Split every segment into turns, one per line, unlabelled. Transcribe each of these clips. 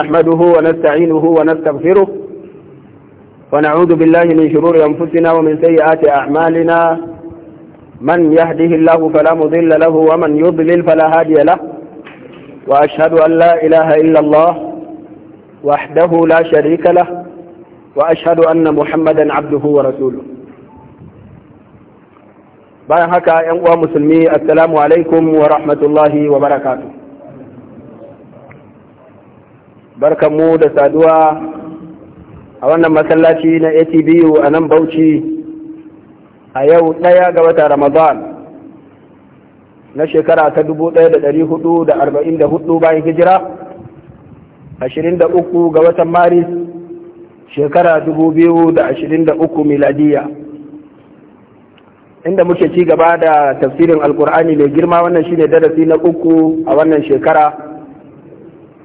نحمده ونستعينه ونستغفره ونعوذ بالله من شرور أنفسنا ومن سيئات أعمالنا من يهده الله فلا مضل له ومن يضلل فلا هادي له وأشهد أن لا إله إلا الله وحده لا شريك له وأشهد أن محمدا عبده ورسوله bayan haka 'yan uwa السلام عليكم ورحمة الله وبركاته barkanmu da saduwa a wannan masallaci na atbu a nan bauchi a yau ɗaya ga wata ramadan na shekara ta hudu bayan hijira uku ga watan maris shekara uku miladiya inda muke ci gaba da tafsirin alkur'ani mai girma wannan shine darasi na uku a wannan shekara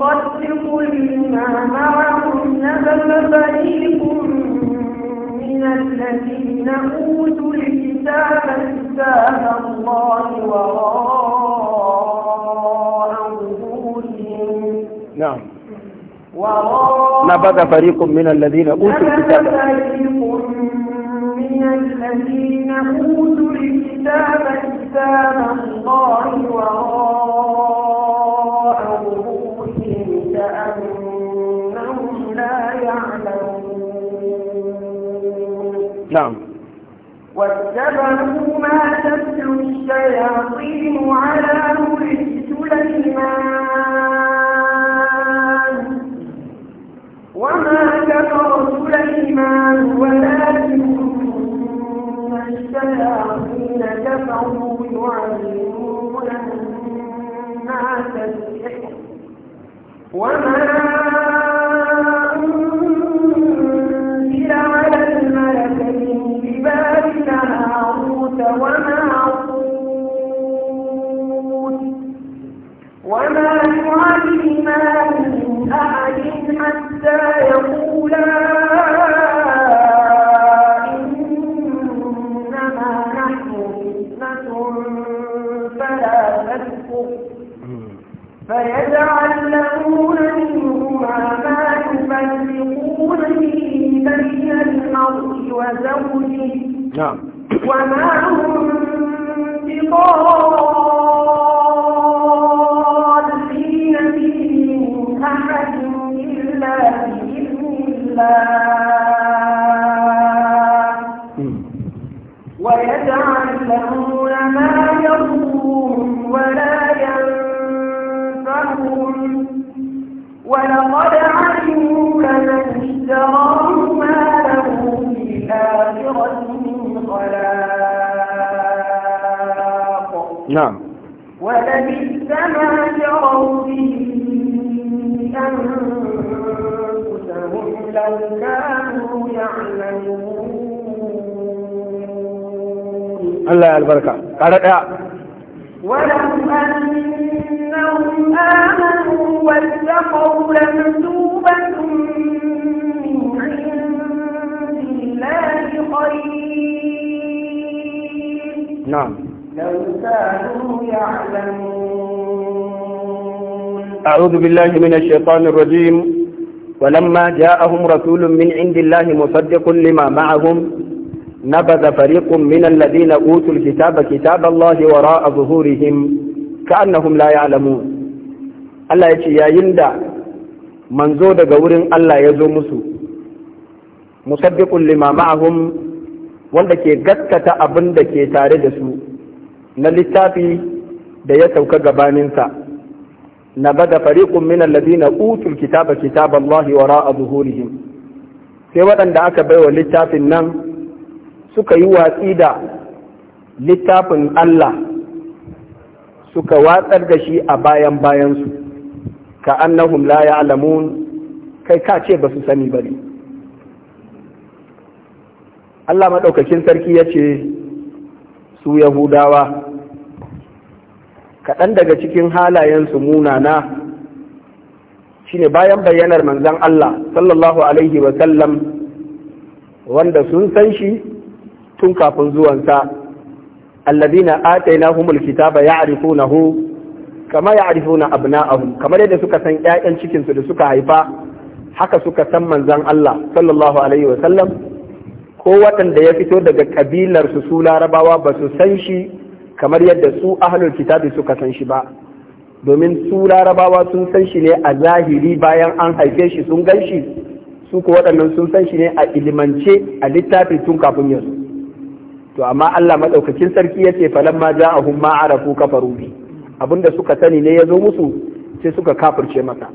مصدق فريق من الذين أوتوا الكتاب كتاب الله وراء نعم نبذ فريق من الذين أوتوا الكتاب من الذين أوتوا الكتاب كتاب الله وراء نعم واتبعوا ما تتلو الشياطين على ملك سليمان وما كفر سليمان ولكن الشياطين كفروا يعلمون الناس السحر
وما
حتى يقولا إنما نحن فتنة فلا تكفر فيجعلون منهما ما يفرقون به بين المرء وزوجه نعم وما هم بضار ولقد علموا لمن اشتراه ما له في الآخرة من خلاق نعم ولبئس ما شروا به أنفسهم لو كانوا يعلمون الله
يا البركة قال
ولقد كانوا يعلمون أعوذ بالله من الشيطان
الرجيم ولما جاءهم رسول من عند الله مصدق لما معهم نبذ فريق من الذين أوتوا الكتاب كتاب الله وراء ظهورهم كأنهم لا يعلمون Allah ya ce yayin da manzo daga wurin Allah ya zo musu musaddiqul lima ma'ahum wanda ke gaskata abin da ke tare da su na littafi da ya sauka gabaninsa na ba bada fariƙun min na utul kitaba kitab Allah wara a zuhurihim sai waɗanda aka baiwa littafin nan suka yi watsi da littafin Allah suka watsar da shi a bayan bayansu ka annahum la ya'lamun kai ka ce ba su sani ba Allah maɗaukakin sarki ya ce su yahudawa kaɗan daga cikin halayensu munana ne bayan bayyanar manzan Allah sallallahu alaihi wasallam wanda sun san shi tun kafin zuwansa ya atainahumul kitaba hu kama ya ya'rifuna abna'ahum kamar yadda suka san ƴaƴan cikinsu da suka haifa haka suka san manzan Allah sallallahu alaihi wasallam ko waɗanda ya fito daga kabilarsu su larabawa ba su san shi kamar yadda su ahlul kitabi suka san shi ba domin su larabawa sun san shi ne a zahiri bayan an haife shi sun gan shi su ko waɗannan sun san shi ne a ilimance a littafi tun kafin yanzu to amma Allah madaukakin sarki ya yace falamma ja'ahum ma arafu kafaru bi abinda suka sani ne zo musu sai suka kafirce masa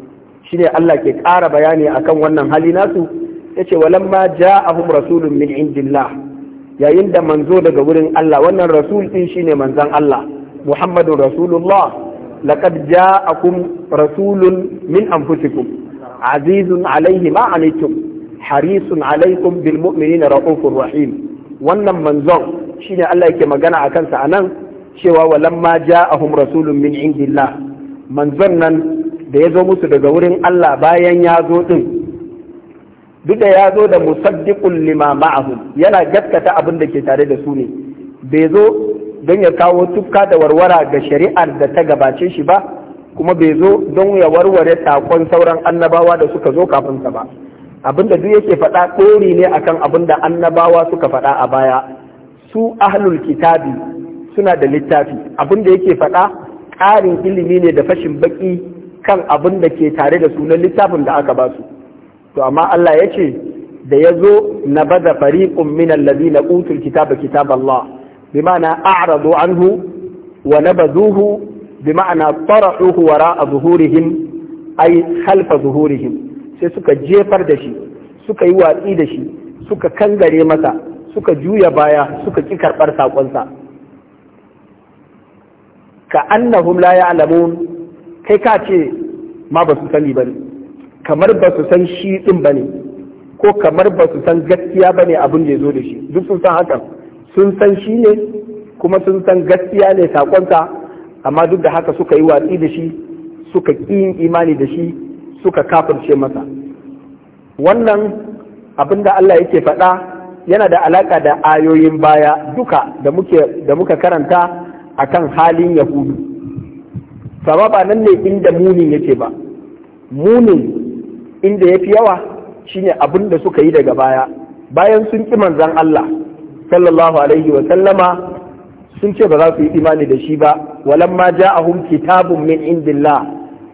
shine Allah ke ƙara bayani akan wannan hali nasu yace walamma ja'ahum rasulun min indillah yayin da manzo daga wurin Allah wannan rasul din shine manzon Allah Muhammadun rasulullah laqad ja'akum rasulun min anfusikum azizun alaihi ma anaitum harisun alaikum bil mu'minina raufur rahim wannan manzon shine Allah yake magana a kansa anan cewa walamma ja'ahum rasulun min indillah manzon nan da ya zo musu daga wurin Allah bayan ya zo din duk da ya zo da musaddiqul lima ma'ahum yana gaskata abin da ke tare da su ne bai zo don ya kawo tukka da warwara ga shari'ar da ta gabace shi ba kuma bai zo don ya warware takon sauran annabawa da suka zo kafin sa ba da duk yake faɗa ɗori ne akan abin da annabawa suka faɗa a baya su ahlul kitabi suna da littafi abin da yake faɗa ƙarin ilimi ne da fashin baki kan abin da ke tare da su na littafin da aka ba su to amma Allah ya ce da ya zo na baza fariqun min alladhina utul kitaba kitab Allah bima'ana a'radu anhu wa nabazuhu bima'ana tarahuhu wara'a zuhurihim ai khalfa zuhurihim sai suka jefar da shi suka yi watsi da shi suka kangare masa suka juya baya suka ki karɓar saƙonsa ka annahum la ya'lamun kai ka ce ma ba su sani ba ne kamar ba su san shi din ne ko kamar ba su san gaskiya ba ne abin da ya zo da shi duk sun san hakan sun san shi ne kuma sun san gaskiya ne sakonsa amma duk da haka suka yi watsi da shi suka ƙi yin imani da shi suka kafirce masa wannan abin da Allah yake faɗa yana da alaƙa da ayoyin baya duka da muke da muka karanta akan halin yahudu sababa nan ne inda munin yake ba munin inda ya fi yawa shine abin da suka yi daga baya bayan sun ƙi manzan Allah sallallahu alaihi wa sallama sun ce ba za su yi imani da shi ba walamma ja'ahum kitabun min indillah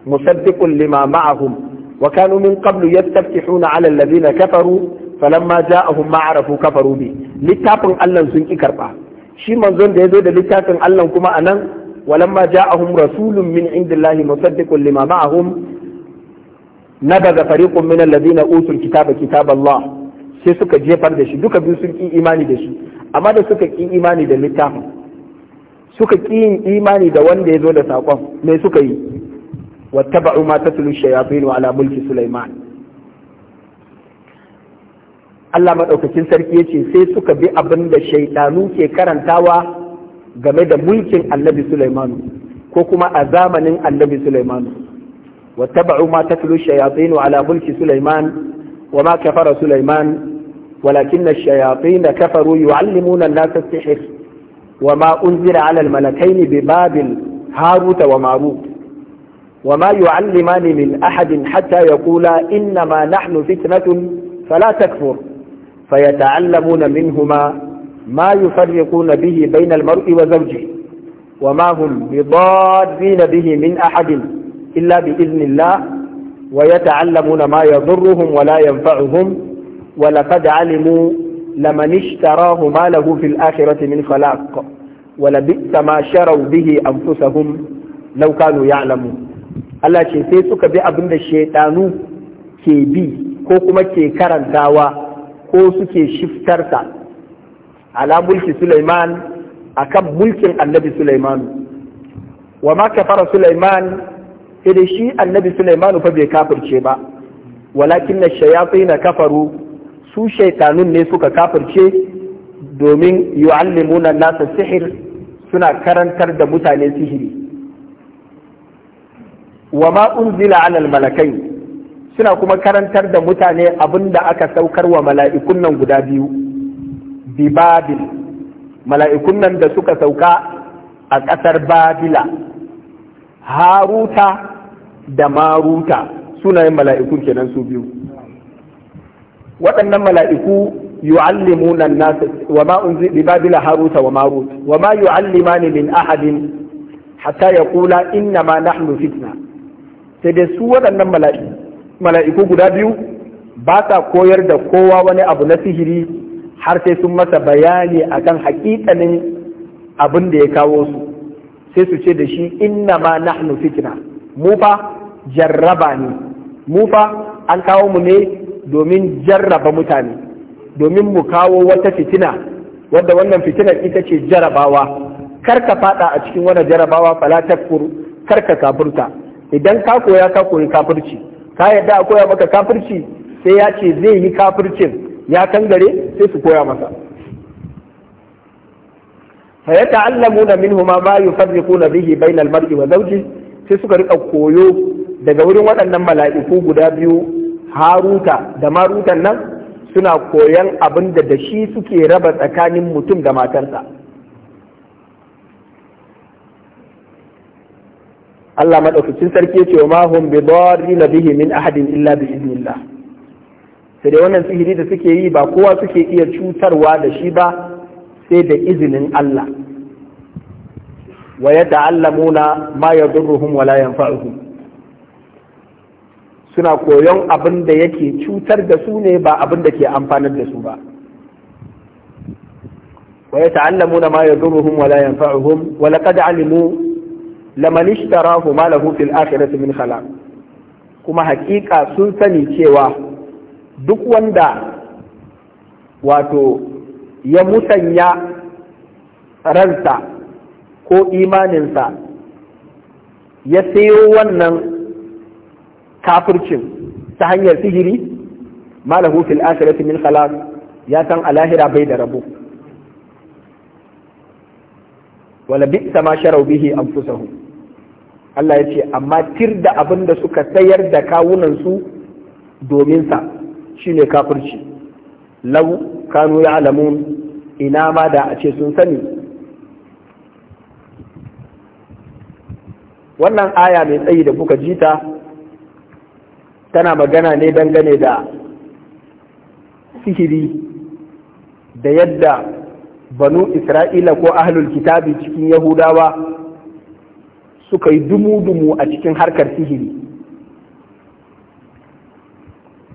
musaddiqun lima ma'ahum wa kanu min qablu yastaftihuna 'ala alladhina kafaru falamma ja'ahum ma arafu kafaru bi littafin Allah sun ki karba shi manzon da yazo da littafin Allah kuma anan walamma ja'ahum rasulun min indillahi musaddiqun lima ma'ahum nabaga fariqun min alladhina utul kitaba kitab Allah sai suka jefar da shi duka biyu sun ki imani da shi amma da suka ki imani da littafin suka ki yin imani da wanda ya zo da sakon me suka yi wattaba'u ma tatlu shayatin ala mulki Sulaiman Allah madaukakin sarki yace sai suka bi abin da ke karantawa game da mulkin Annabi Sulaiman ko kuma a zamanin Annabi Sulaiman واتبعوا ما تتلو الشياطين على ملك سليمان وما كفر سليمان ولكن الشياطين كفروا يعلمون الناس السحر وما أنزل على الملكين ببابل هاروت وماروت وما يعلمان من أحد حتى يقولا إنما نحن فتنة فلا تكفر فيتعلمون منهما ما يفرقون به بين المرء وزوجه وما هم بضادين به من أحد illa bi iznillah wa yata'allamuna ma yadurruhum wa la yanfa'uhum wa laqad alimu laman ishtarahu ma lahu fil akhirati min khalaq wa la bi'sa ma sharaw bihi anfusahum law kanu ya'lamun Allah ce sai suka bi abin da shaidanu ke bi ko kuma ke karantawa ko suke shiftarsa ala mulki Sulaiman akan mulkin annabi Sulaiman wa ma kafara Sulaiman sai shi annabi Sulaiman fa bai kafirce ba walakin na shayatin kafaru su shaitanun ne suka kafirce domin yu'allimuna nasa sihir suna karantar da mutane sihiri wa ma unzila ala malakai suna kuma karantar da mutane abinda aka saukar wa mala'ikun nan guda biyu bi babil mala'ikun nan da suka sauka a ƙasar babila haruta da maruta sunayen mala’iku kenan su biyu waɗannan mala'iku yu'allimuna an-nas wa ma ba bi babila haruta wa marut wa ma yu'allimani min ahadin hatta kula inna ma nahnu fitna sai dai su waɗannan mala'iku guda biyu ba sa koyar da kowa wani abu na sihiri har sai sun masa bayani akan hakikanin abin da ya kawo su sai su ce da shi inna ma nahnu fitna mu fa jarraba ne mu fa an kawo mu ne domin jarraba mutane domin mu kawo wata fitina wadda wannan fitinar ita ce jarabawa kar ka fada a cikin wani jarabawa fala takfur kar ka kafurta idan ka koya ka koyi kafirci ka yadda a koya maka kafirci sai ya ce zai yi kafircin ya kangare sai su koya masa فيتعلمون منهما ما يفرقون bainal بين wa وزوجه sai suka rika koyo daga wurin waɗannan mala'iku guda biyu haruta da marutan nan suna koyon abin da da shi suke raba tsakanin mutum da matarsa Allah maɗaukacin sarki ce wa mahum bi na bihi min ahadin illa bi idnillah sai dai wannan sihiri da suke yi ba kowa suke iya cutarwa da shi ba sai da izinin Allah wa yata'allamuna ma yadurruhum wa la yanfa'uhum suna koyon abin da yake cutar da su ne ba abin da ke amfanar da su ba wa yata'allamuna ma yadurruhum wa la yanfa'uhum wa laqad alimu laman ishtarahu ma lahu fil akhirati min khalaq kuma hakika sun sani cewa duk wanda wato ya musanya ransa ko imaninsa ya sayo wannan kafircin ta hanyar sihiri malahu fil akhirati min khalaq ya san alahira bai da rabo wala bi sama shara'u bihi anfusahum Allah ya ce amma tir da abin da suka sayar da kawunansu domin sa shine kafirci lau kanu ya'lamun ina ma da a ce sun sani wannan aya mai tsayi da kuka jita tana magana ne dangane da sihiri da yadda banu isra'ila ko ahlul kitabi cikin yahudawa suka yi dumu-dumu a cikin harkar sihiri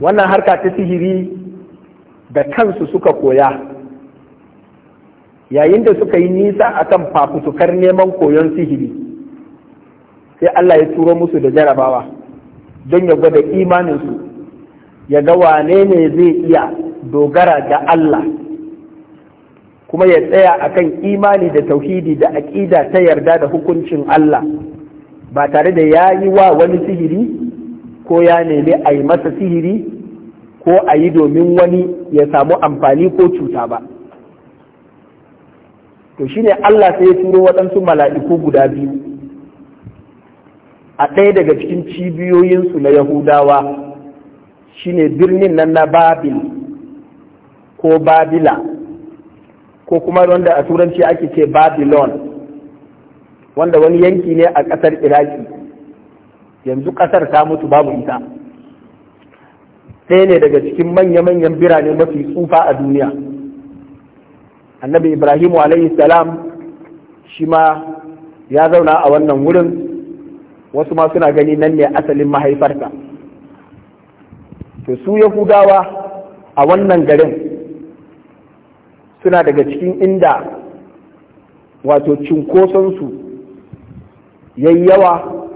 wannan harka ta sihiri da kansu suka koya yayin da suka yi nisa akan fafutukar neman koyon sihiri sai Allah ya turo musu da jarabawa don ya gwada imaninsu ya ga wane ne zai iya dogara ga Allah kuma ya tsaya akan imani da tauhidi da aƙida ta yarda da hukuncin Allah ba tare da ya yi wa wani sihiri ko ya nemi a yi masa sihiri ko a yi domin wani ya samu amfani ko cuta ba to shine Allah sai ya turo waɗansu mala'iku guda biyu a ɗaya daga cikin cibiyoyinsu na yahudawa shine birnin nan na babil ko babila ko kuma wanda a turanci ake ce Babilon, wanda wani yanki ne a ƙasar iraki yanzu ƙasar ta mutu babu ita ɗaya ne daga cikin manya-manyan birane mafi tsufa a duniya annabi ibrahimu salam shi ma ya zauna a wannan wurin wasu ma suna gani nan ne asalin mahaifarsa to su yahudawa a wannan garin suna daga cikin inda wato cinkoson yayi yawa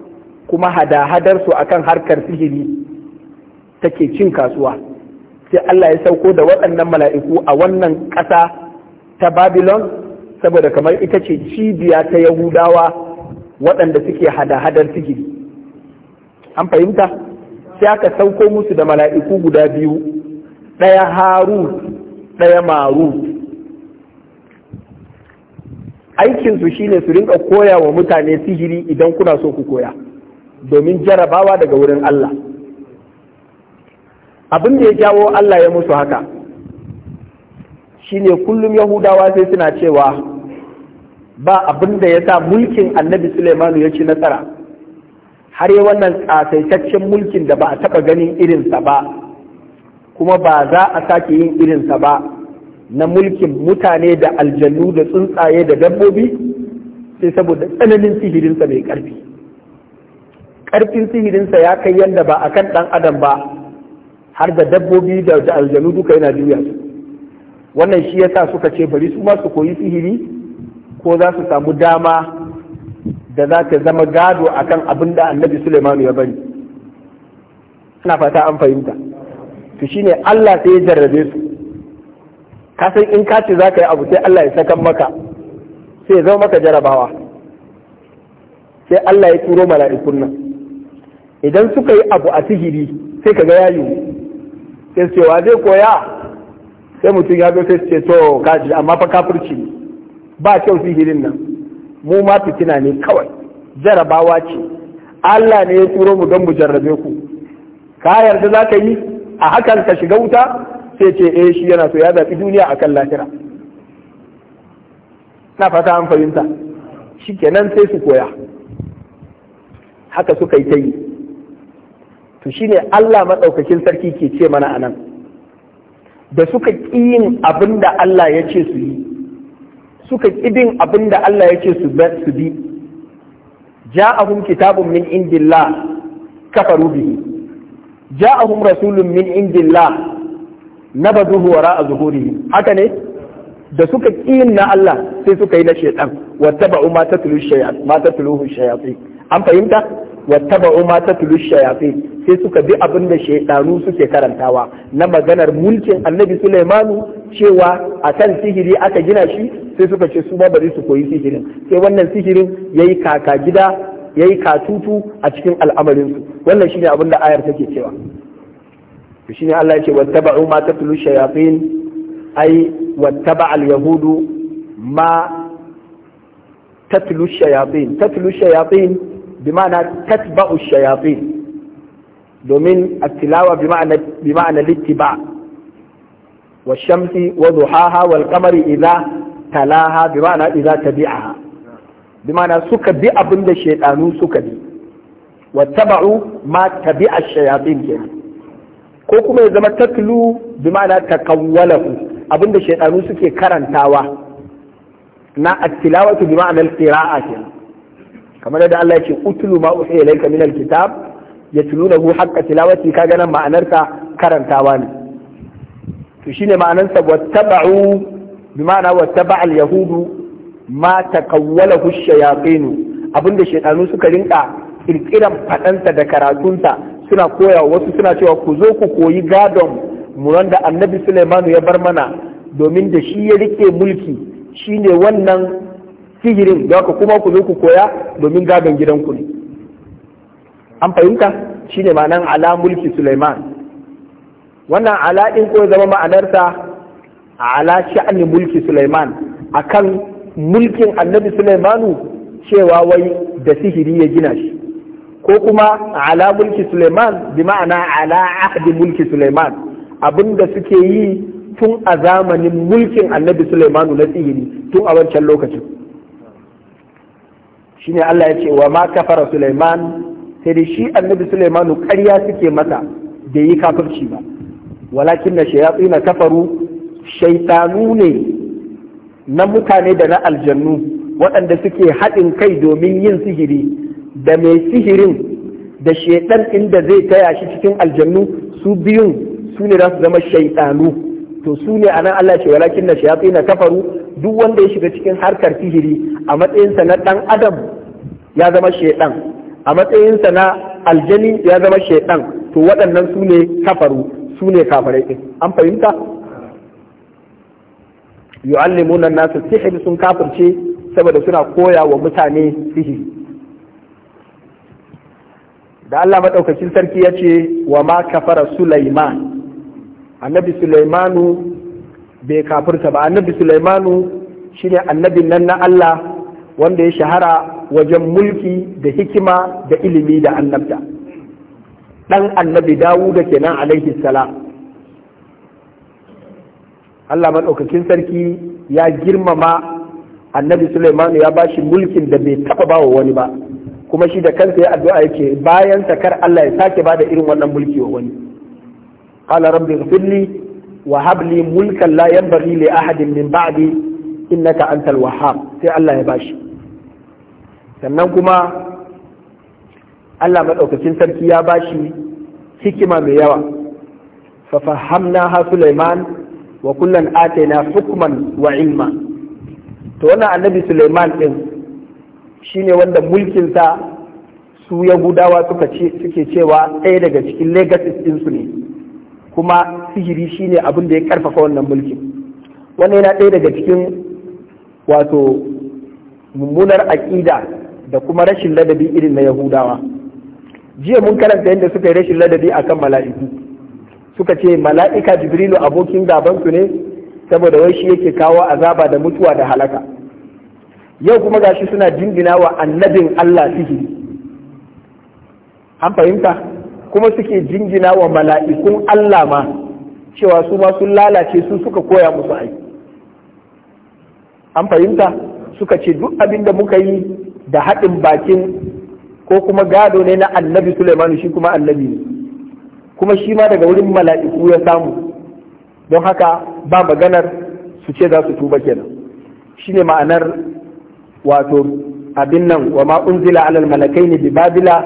kuma hada-hadarsu akan harkar sihiri take cin kasuwa sai Allah ya sauko da waɗannan mala'iku a wannan ƙasa ta Babylon saboda kamar ita ce cibiya ta Yahudawa waɗanda suke hada-hadar tigiri, an fahimta sai aka sauko musu da mala'iku guda biyu ɗaya haru ɗaya maru aikinsu shine su rinka koya wa mutane sihiri idan kuna so ku koya domin jarabawa daga wurin Allah abin da ya jawo Allah ya musu haka shine kullum yahudawa sai suna cewa ba abin da ya sa mulkin annabi Suleimanu ya ci nasara har yi wannan ƙasaitaccen mulkin da ba a taɓa ganin irinsa ba kuma ba za a sake yin irinsa ba na mulkin mutane da aljannu da tsuntsaye da dabbobi sai saboda tsananin sihirinsa mai ƙarfi ƙarfin sihirinsa ya kai yadda ba a kan ɗan adam ba har da dabbobi da aljanu duka yana juya su wannan shi ya sa suka ce bari su ma su koyi sihiri ko za su samu dama da za ta zama gado kan abin da annabi Suleiman ya bari ina fata an fahimta to ne Allah sai ya jarrabe su ka san in ka ce za ka yi abu sai Allah ya sakan maka sai ya zama maka jarabawa sai Allah ya turo mala'ikun nan idan suka yi abu a sihiri sai ka ga yayi sai su ce wa zai koya sai mutum ya zo sai su ce to kaji amma fa kafirci ne ba kyau sihirin nan mu ma fitina ne kawai jarabawa ce Allah ne ya turo mu don mu jarrabe ku ka yarda za ka yi a hakan ka shiga wuta sai ce eh shi yana so ya zaɓi duniya akan lahira na fata an fahimta shikenan sai su koya haka suka yi ta yi to shine Allah maɗaukakin sarki ke ce mana anan da suka ƙi yin abin da Allah ya ce su yi suka ƙibin abin da Allah ya ce su bi Ja ja'ahum kitabun min indillah kafaru bihi Ja ja'ahum rasulun min indillah nabaduhu wara a zuhurihi haka ne da suka ƙiyin na Allah sai suka yi na shaitan wa ba'u ma ta shayat ma tatluhu shayatin an fahimta wattaba'u ma tatlu shayafi sai suka bi abin da shaydanu suke karantawa na maganar mulkin annabi Sulaimanu cewa akan sihiri aka gina shi sai suka ce su ma bari su koyi sihirin sai wannan sihirin yi kaka gida ya yi katutu a cikin al'amarin su wannan shine abin da ayar take cewa to ne Allah ya ce wattaba'u ma tatlu shayatin ai wattaba al-yahudu ma tatlu shayatin tatlu bi ma'ana tatba'u shayatin domin at-tilawa bi ma'ana littiba wa shamsi wa duhaha wal qamari idza talaha bi ma'ana idza tabi'aha bi ma'ana suka bi abin da suka bi wa taba'u ma tabi'a shayatin kenan ko kuma ya zama tatlu suke karantawa na at-tilawatu bi kamar yadda Allah yake utulu ma uhi ilayka min alkitab yatlunahu haqqa tilawati kaga nan ma'anarsa karantawa ne to shine ma'anarsa wattaba'u bi ma'ana wattaba'a alyahudu ma takawwalahu ash-shayatin abinda shaytanu suka rinka kirkiran fadansa da karatunsa suna koya wasu suna cewa ku zo ku koyi gadon muran da annabi Sulaimanu ya bar mana domin da shi ya rike mulki shine wannan sihirin da ka kuma ku zo ku koya domin gadon gidanku ne an fahimta shine ma'anan ala mulki Sulaiman wannan ala ɗin ko zama ma'anarsa ala sha'ani mulki Sulaiman kan mulkin annabi Sulaimanu cewa wai da sihiri ya gina shi ko kuma ala mulki Sulaiman bi ma'ana ala ahdi mulki Sulaiman da suke yi tun a zamanin mulkin annabi Sulaimanu na sihiri tun a wancan lokacin shine Allah ya ce wa ma kafara Sulaiman sai dai shi annabi Sulaiman ƙarya suke masa bai yi kafirci ba walakin na na kafaru shaitanu ne na mutane da na aljannu waɗanda suke haɗin kai domin yin sihiri da mai sihirin da shaitan inda zai taya shi cikin aljannu su biyun su ne za su zama shaitanu to su ne a nan Allah ce walakin na shayatsu na kafaru duk wanda ya shiga cikin harkar sihiri a matsayinsa na ɗan adam ya zama shaidan a matsayinsa na aljani ya zama shaidan to waɗannan su ne kafaru su ne kafarai ɗin an fahimta yu'allimuna nasu sihir sun kafirce saboda suna koya wa mutane sihiri da Allah maɗaukacin sarki ya ce wa ma kafara Sulaiman annabi Sulaimanu bai kafirta ba annabi Sulaimanu shine annabin nan na Allah wanda ya shahara wajen mulki da hikima da ilimi da annabta ɗan annabi dawuda kenan alaihi salam Allah maɗaukakin sarki ya girmama annabi Suleiman ya ba shi mulkin da bai taɓa bawa wani ba kuma shi da kansa ya addu'a yake bayan sakar Allah ya sake ba da irin wannan mulki wa wani qala rabbi ighfirli wa hab li mulkan la yanbaghi li ahadin min ba'di innaka antal wahhab sai Allah ya bashi sannan kuma Allah maɗaukacin sarki ya ba shi hikima mai yawa fa fahamna ha Sulaiman wa kullan atena hukman wa ilma to wannan annabi Sulaiman din shine wanda mulkinsa su Yahudawa suka ce suke cewa ɗaya daga cikin legacies ɗinsu ne kuma sihiri shine abin da ya karfafa wannan mulkin wannan yana ɗaya daga cikin wato mummunar aƙida da kuma rashin ladabi irin na yahudawa jiya mun karanta yadda suka yi rashin ladabi kan mala'iku suka ce mala'ika jibrilu abokin gabansu ne saboda wai shi yake kawo azaba da mutuwa da halaka yau kuma gashi suna jingina wa annabin Allah sihiri an fahimta kuma suke jingina wa mala'ikun Allah ma cewa su ma sun lalace su suka koya musu aiki an fahimta suka ce duk abin da muka yi da haɗin bakin ko kuma gado ne na annabi sulaiman shi kuma annabi ne kuma shi ma daga wurin mala'iku ya samu don haka ba maganar su ce za su tuba kenan Shi ne ma'anar wato abin nan wa ma unzila alal ne bi babila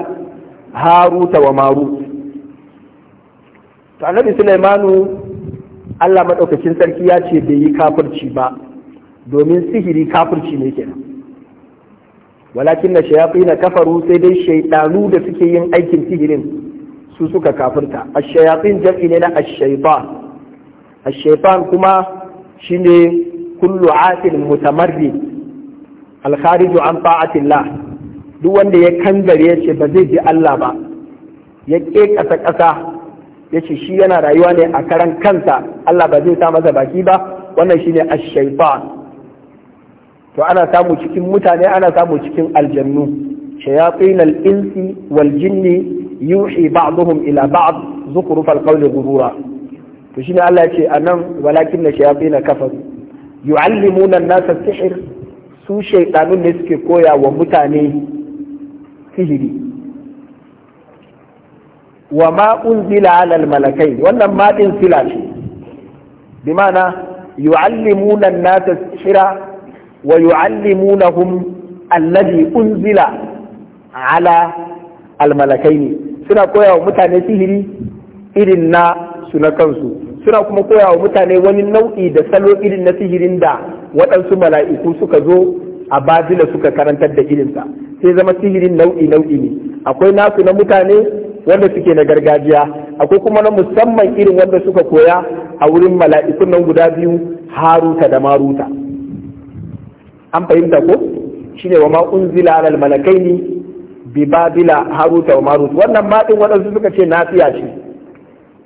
haruta wa marut to annabi Sulaimanu Allah maɗaukacin sarki ya ce bai yi kafirci ba domin sihiri kafirci ne kenan walakin na shayafi na kafaru sai dai shaidanu da suke yin aikin sihirin su suka kafirta shayafin jam'i ne na ashaifa ashaifan kuma shine kullu atin mutamarri alkhariju an ta'atillah duk wanda ya kangare ya ce ba zai ji Allah ba ya ke ƙasa ƙasa ya ce shi yana rayuwa ne a karan kansa Allah ba zai sa masa baki ba wannan shine ashaifa to ana samu cikin mutane ana samu cikin aljannu shayatin al-insi wal jinni yuhi ba'dhum ila ba'd zukhruf al-qawl ghurura to shine Allah ya ce anan walakin na shayatin kafaru yu'allimuna an-nasa sihr su shaytanun ne suke koya wa mutane sihiri wa ma unzila ala al-malakai wannan ma din sila ce bi ma'ana yu'allimuna an-nasa sihra wa yu'allimunahum alladhi unzila ala almalakaini suna koya wa mutane sihiri irin na su na kansu suna kuma koya wa mutane wani nau'i da salo irin na sihirin da waɗansu mala'iku suka zo a bazila suka karantar da irinsa sai zama sihirin nau'i nau'i ne akwai nasu na mutane wanda suke na gargajiya akwai kuma na musamman irin wanda suka koya a wurin mala'ikun nan guda biyu haruta da maruta an fahimta ko shi ne wa ma zila alal ne bi babila haruta wa marut wannan ma waɗansu suka ce na fiya ce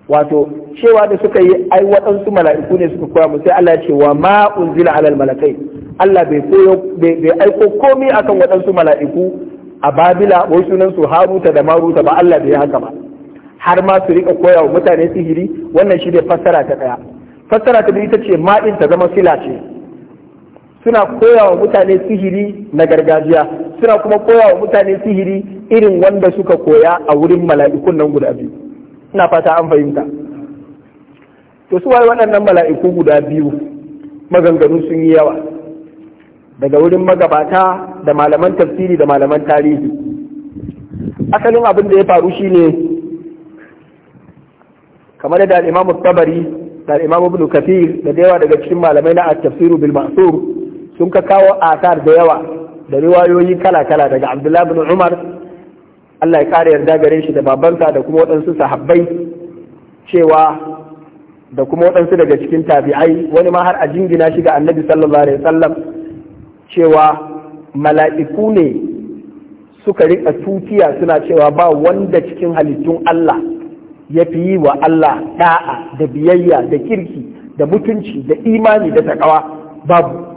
wato cewa da suka yi ai waɗansu mala'iku ne suka koya mu sai Allah ya ce wa ma zila alal malakai Allah bai koyo bai aiko komai akan waɗansu mala'iku a babila wai sunansu haruta da maruta ba Allah bai haka ba har ma su rika koya wa mutane sihiri wannan shi ne fassara ta ɗaya. fassara ta biyu ita ce ma ta zama sila ce suna koya wa mutane sihiri na gargajiya suna kuma koya wa mutane sihiri irin wanda suka koya a wurin mala'ikun nan guda biyu ina fata an fahimta to su waɗannan mala'iku guda biyu maganganu sun yi yawa daga wurin magabata da malaman tafsiri da malaman tarihi asalin abin da ya faru shine kamar da al Tabari da al Ibn da yawa daga cikin malamai na at-tafsir bil ma'thur sun ka kawo asar da yawa da riwayoyi kala-kala daga abdullahi bin umar allah ya kare yarda gare shi da babansa da kuma waɗansu sahabbai cewa da kuma waɗansu daga cikin tabi'ai wani ma har a jingina shi ga annabi sallallahu alaihi wasallam cewa mala'iku ne suka rika tutiya suna cewa ba wanda cikin halittun Allah ya fi yi wa Allah da'a da biyayya da kirki da mutunci da imani da takawa babu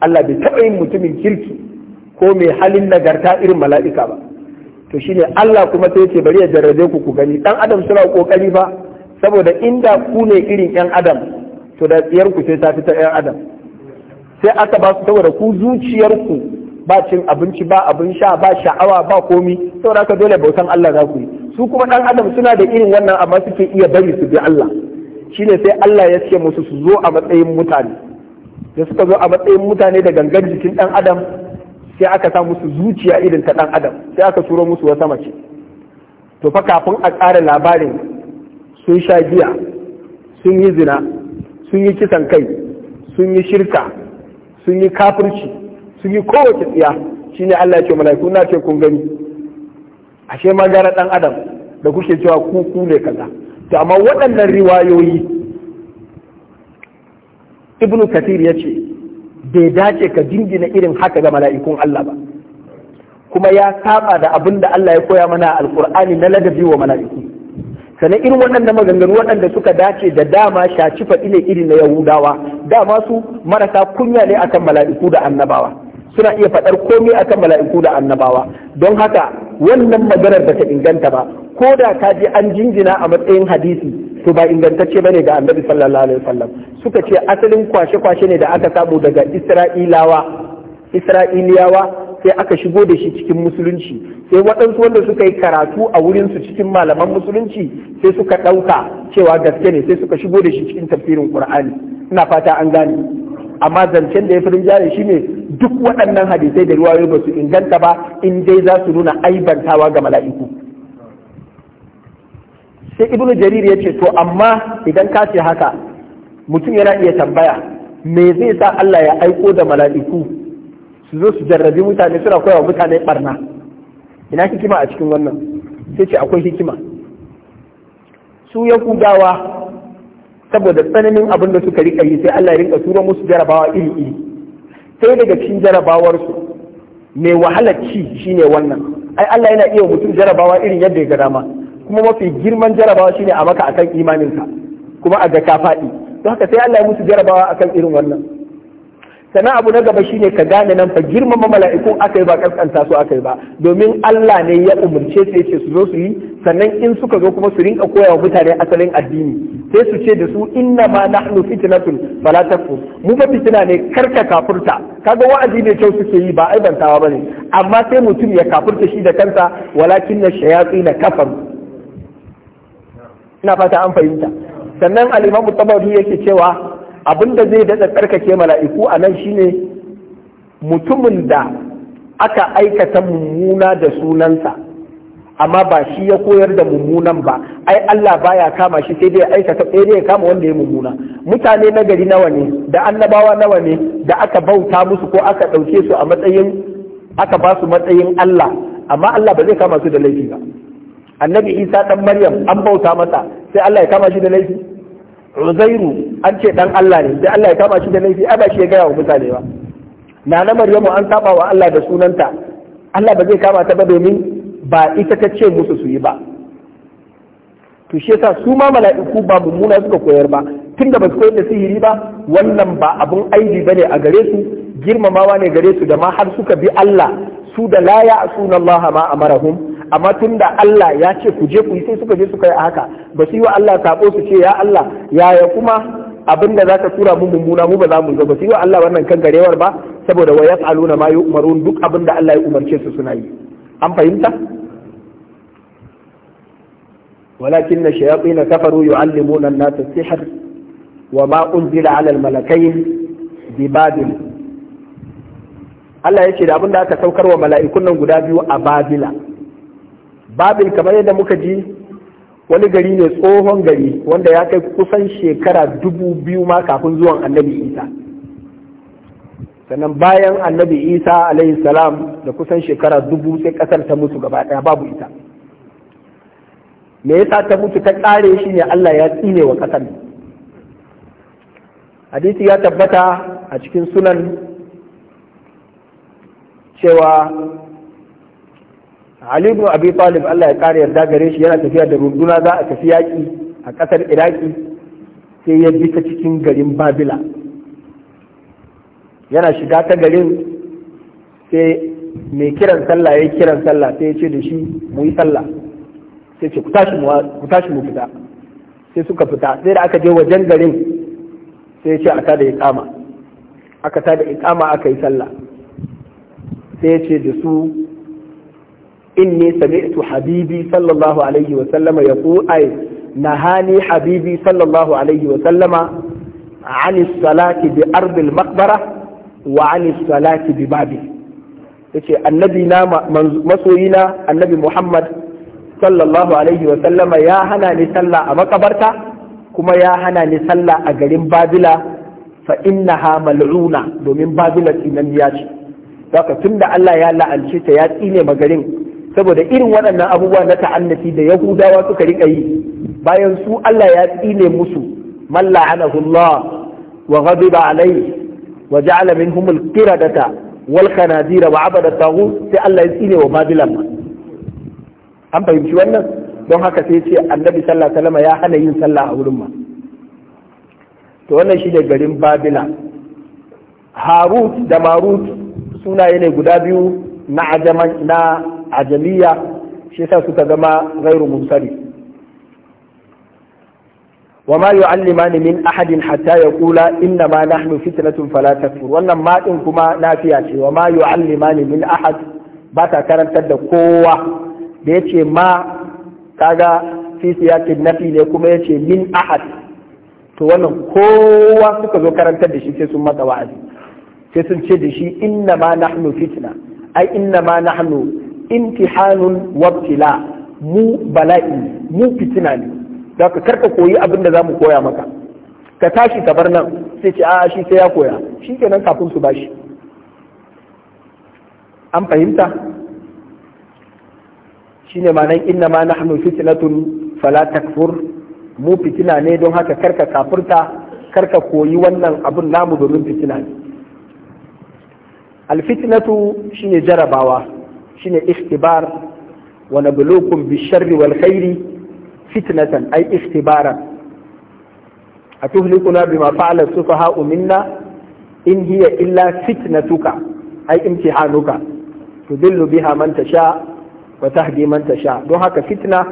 Allah bai taɓa yin mutumin kirki ko mai halin nagarta irin mala'ika ba to shi ne Allah kuma sai ce bari ya jarrabe ku ku gani ɗan adam suna ƙoƙari ba saboda inda ku ne irin yan adam to da tsiyar ku sai ta fi ta yan adam sai aka ba su saboda ku zuciyar ku ba cin abinci ba abin sha ba sha'awa ba komi saboda haka dole bautan Allah za ku yi su kuma ɗan adam suna da irin wannan amma suke iya bari su bi Allah Shi ne sai Allah ya ce musu su zo a matsayin mutane da suka zo a matsayin mutane da gangan jikin ɗan adam sai aka sa musu zuciya irin ta ɗan adam sai aka turo musu wata mace to fa kafin a ƙara labarin sun sha giya sun yi zina sun yi kisan kai sun yi shirka sun yi kafirci sun yi kowace tsiya shi ne Allah ya ce mala'iku na ce kun gani ashe ma gara ɗan adam da kuke cewa ku ku ne kaza to amma waɗannan riwayoyi ibnu kathir ya ce bai dace ka jingina irin haka ga mala'ikun Allah ba kuma ya saba da abin da Allah ya koya mana alkur'ani na ladabi wa mala'iku sannan irin waɗanda maganganu waɗanda suka dace da dama shaci faɗi ne irin na yahudawa dama su marasa kunya ne akan mala'iku da annabawa suna iya faɗar komai akan mala'iku da annabawa don haka wannan maganar ba ta inganta ba ko da ka ji an jinjina a matsayin hadisi to ba ingantacce ba ne ga annabi sallallahu alaihi wasallam suka ce asalin kwashe-kwashe ne da aka samu daga isra'ilawa isra'iliyawa sai aka shigo da shi cikin musulunci sai waɗansu wanda suka yi karatu a wurin su cikin malaman musulunci sai suka ɗauka cewa gaske ne sai suka shigo da shi cikin tafsirin qur'ani ina fata an gane amma zancen da ya fi rinjaye shi ne duk waɗannan hadisai da ruwayoyi ba su inganta ba in dai za su nuna aibantawa ga mala'iku sai ibnu jarir ya ce to amma idan ka ce haka mutum yana iya tambaya me zai sa Allah ya aiko da mala'iku su zo su jarrabi mutane suna koyawa mutane barna ina hikima a cikin wannan sai ce akwai hikima su yahudawa saboda tsananin abin da suka rika yi sai Allah ya rinka tura musu jarabawa iri iri sai daga cikin jarabawarsu mai wahalar ci shine wannan ai Allah yana iya mutum jarabawa irin yadda ya ga dama kuma mafi girman jarabawa shine a maka akan imaninka kuma a ga ka faɗi don haka sai Allah ya musu jarabawa akan irin wannan sannan abu na gaba shine ka gane nan fa girmama mala'iku akai ba kaskanta su akai ba domin Allah ne ya umurce su yace su zo su yi sannan in suka zo kuma su rinka koyawa mutane asalin addini sai su ce da su inna ma nahnu fitnatun fala takfur mu ba fitina ne karka kafurta kaga wa'azi ne kyau suke yi ba aibantawa bane amma sai mutum ya kafurta shi da kansa walakin na shayatin kafaru ina fata an fahimta sannan al-imamu tabari yake cewa da zai daɗa tsarkake mala'iku a nan shine mutumin da aka aikata mummuna da sunansa amma ba shi ya koyar da mummunan ba ai Allah baya kama shi sai dai aikata sai dai ya kama wanda ya mummuna mutane na gari nawa ne da annabawa nawa ne da aka bauta musu ko aka ɗauke su a matsayin aka ba su matsayin Allah amma Allah ba zai kama su da laifi ba annabi isa dan maryam an bauta masa sai Allah ya kama shi da laifi uzairu an ce dan Allah ne sai Allah ya kama shi da laifi ai ba shi ya gaya wa mutane ba nana maryamu an saba wa Allah da sunanta Allah ba zai kama ta ba domin ba ita ta ce musu su yi ba to shi yasa su ma mala'iku ba mummuna suka koyar ba tunda ba su koyar da sihiri ba wannan ba abun aibi bane a gare su girmamawa ne gare su da ma har suka bi Allah su da laya a sunan Allah ma amarahum amma tun da Allah ya ce ku je ku yi sai suka je suka yi haka ba su yi wa Allah sabo su ce ya Allah yaya kuma abin da ka tura mu mummuna mu ba za mu zo ba su yi wa Allah wannan kan garewar ba saboda wa na ma yu'marun duk abin da Allah ya umarce su suna yi an fahimta ولكن الشياطين كفروا يعلمون الناس السحر وما أنزل على الملكين ببابل Allah ya ce da abin da aka saukar wa guda biyu a Babila, babin kamar yadda muka ji wani gari ne tsohon gari wanda ya kai kusan shekara dubu biyu ma kafin zuwan annabi isa sannan bayan annabi isa alayhi salam da kusan shekara dubu sai kasar ta mutu gaba daya babu ita me yasa ta mutu ta kare shi ne Allah ya tsine wa kasar hadisi ya tabbata a cikin sunan cewa Ali ibn Abi Talib Allah ya kare yarda gare shi yana tafiya da runduna za a tafi yaki a kasar Iraki sai ya bi ta cikin garin Babila yana shiga ta garin sai mai kiran sallah ya kiran sallah sai ya ce da shi mu yi sallah sai ce ku tashi mu fita sai suka fita sai da aka je wajen garin sai ya ce a tada iqama aka tada iqama aka yi sallah sai ya ce da su inni sami'tu habibi sallallahu alaihi wa sallama yaqul ay nahani habibi sallallahu alaihi wa sallama an salati bi yace annabi na masoyina annabi Muhammad sallallahu alaihi wa sallama ya hana ni sallah a makabarta kuma ya hana ni sallah a garin Babila fa innaha mal'una domin Babila tsinan ya ce haka tunda Allah ya la'alce ta ya tsine magarin saboda irin waɗannan abubuwa na ta'annati da yahudawa suka riƙa yi bayan su Allah ya tsine musu man la'anahu Allah wa ghadiba alayhi wa ja'ala minhum al-qiradata wal khanazira wa abada Tahu sai Allah ya tsine wa babilan an fahimci wannan don haka sai ce annabi sallallahu alaihi wasallam ya hana yin sallah a wurin ma to wannan shi garin babila harut da marut sunaye ne guda biyu na ajaman na ajaliya shi yasa suka zama gairu mumsari wa ma ne min ahadin hatta ya yaqula inna ma nahnu fitnatun fala takfur wannan ma din kuma nafiya ce wa ma ne min ahad ba ta karantar da kowa da ya ce ma kaga fi siyakin nafi ne kuma yace min ahad to wannan kowa suka zo karantar da shi sai sun matsa wa'azi sai sun ce da shi inna ma na hannu fitna ai inna ma na hannu. imtihanun wabtila mu bala'i mu fitina ne da ka karka koyi abin da za mu koya maka ka tashi ka bar nan sai ce a shi sai ya koya shi kenan kafin su bashi an fahimta shi ne ma nan inna ma hannu fitinatun fala takfur mu fitina ne don haka karka kafurta karka koyi wannan abun namu domin fitina ne shi ne jarabawa shine istibar wa nabluukum bish-sharri wal khairi fitnatan ay ikhtibaran atuhlikuna bima fa'ala sufaha'u minna in hiya illa fitnatuka ay imtihanuka tudillu biha man tasha wa tahdi man tasha don haka fitna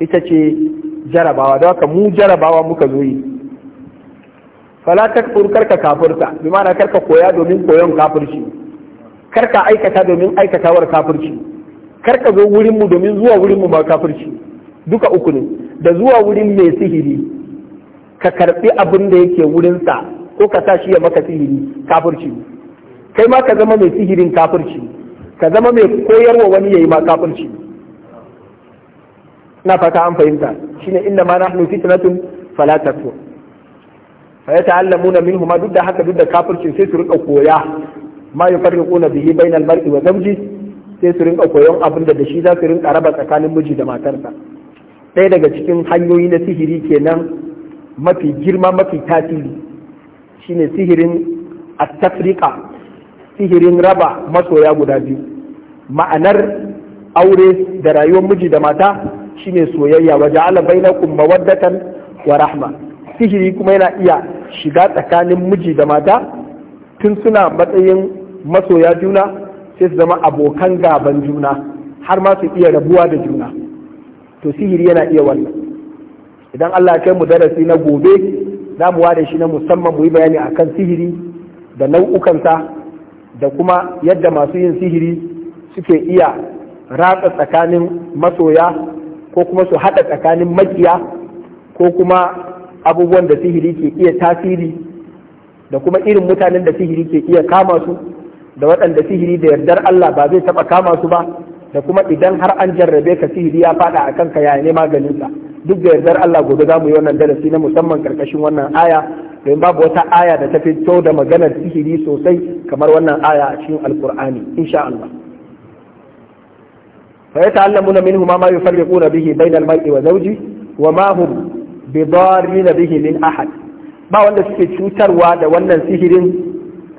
ita ce jarabawa don haka mu jarabawa muka zo yi fala takfur karka kafurta bi ma'ana karka koya domin koyon kafirci kar ka aikata domin aikatawar kafirci kar ka zo wurin mu domin zuwa wurin mu ba kafirci duka uku ne da zuwa wurin mai sihiri ka karbi abin da yake wurinsa ko ka sa shi ya maka sihiri kafirci kai ma ka zama mai sihirin kafirci ka zama mai koyarwa wani yayi ma kafirci na fata an fahimta shine inna ma nahnu fitnatun fala takfur fa yata'allamuna minhu ma duk da haka duk da kafircin sai su rika koya ma yufarriquna bihi bainal mar'i wa zawji sai su rinka koyon abin da shi za su rinka raba tsakanin miji da matarsa ɗaya daga cikin hanyoyi na sihiri kenan mafi girma mafi tasiri shine sihirin attafriqa sihirin raba masoya guda biyu ma'anar aure da rayuwar miji da mata shine soyayya wa ja'ala bainakum mawaddatan wa rahma sihiri kuma yana iya shiga tsakanin miji da mata tun suna matsayin masoya juna sai su zama abokan gaban juna har ma su iya rabuwa da juna to sihiri yana iya wannan idan Allah ya kai mu darasi na gobe za mu ware shi na musamman mu yi bayani akan sihiri da nau'ukansa da kuma yadda masu yin sihiri suke iya ratsa tsakanin masoya ko kuma su haɗa tsakanin makiya ko kuma abubuwan da sihiri ke iya tasiri da kuma irin mutanen da sihiri ke iya kama su da waɗanda sihiri da yardar Allah ba zai taɓa kama su ba da kuma idan har an jarrabe ka sihiri ya faɗa a kanka yaya ne sa duk da yardar Allah gobe za mu yi wannan darasi na musamman karkashin wannan aya domin babu wata aya da ta fito da maganar sihiri sosai kamar wannan aya a cikin alkur'ani insha Allah fa yata'allamuna minhu ma yufarriquna bihi bainal mar'i wa zawji wa ma hum bidarrin bihi min ahad ba wanda suke cutarwa da wannan sihirin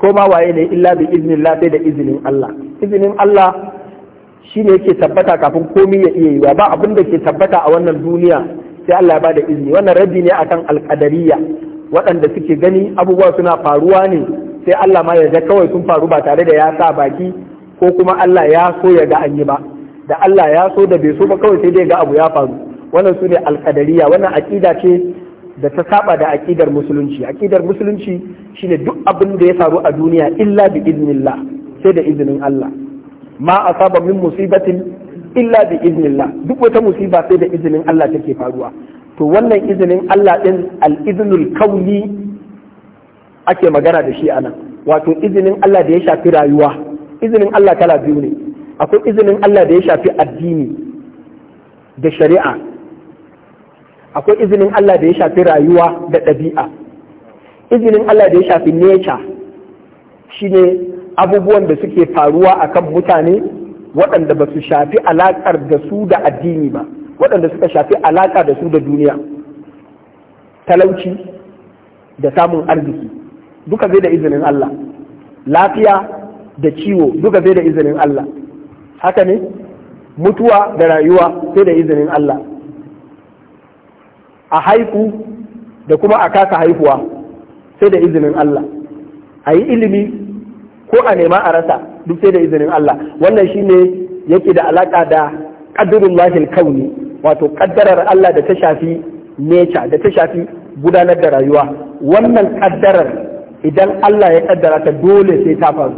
ko ma waye ne illa bi Allah sai da izinin Allah izinin Allah shi ne yake tabbata kafin komai ya iya yiwa ba abin da ke tabbata a wannan duniya sai Allah ya bada izini wannan rabi ne akan alqadariya waɗanda suke gani abubuwa suna faruwa ne sai Allah ma ya ga kawai sun faru ba tare da ya sa baki ko kuma Allah ya so ya ga an yi ba da Allah ya so da bai so ba kawai sai dai ga abu ya faru wannan su ne alkadariya wannan aƙida ce da ta saba da aƙidar musulunci aƙidar musulunci shine duk abin da ya faru a duniya illa bi iznillah sai da izinin Allah ma asaba min musibatin illa bi iznillah duk wata musiba sai da izinin Allah take faruwa to wannan izinin Allah din al-iznul kauni ake magana da shi anan wato izinin Allah da ya shafi rayuwa izinin Allah kala biyu ne akwai izinin Allah da ya shafi addini da shari'a akwai izinin Allah da ya shafi rayuwa da ɗabi'a izinin Allah da ya shafi nature shine abubuwan da suke faruwa akan mutane waɗanda ba su shafi alaƙar da su da addini ba waɗanda suka shafi alaƙa da su da duniya talauci da samun arziki duka zai da izinin Allah lafiya da ciwo duka zai da izinin Allah haka ne mutuwa da rayuwa sai da izinin Allah a haiku da kuma a kasa haihuwa sai da izinin Allah a yi ilimi ko a nema a rasa duk sai da izinin Allah wannan shine yake da alaƙa da qadrul lahil kauni wato ƙaddarar Allah da ta shafi necha da ta shafi gudanar da rayuwa wannan ƙaddarar idan Allah ya ƙaddara ta dole sai ta faru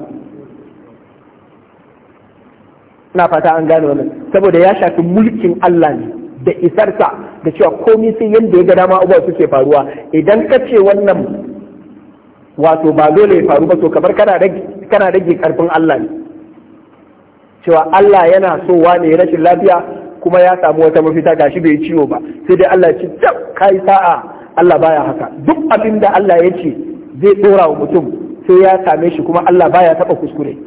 na fata an gane wannan saboda ya shafi mulkin Allah ne da isarsa da cewa komi sai yadda ya ga dama abubuwa suke faruwa idan ka ce wannan wato ba dole ya faru ba to kamar kana rage karfin Allah ne cewa Allah yana so wa ne rashin lafiya kuma ya samu wata mafita gashi bai ciwo ba sai dai Allah ya ce kai sa'a Allah baya haka duk abin da Allah ya ce zai dora wa mutum sai ya same shi kuma Allah baya taba kuskure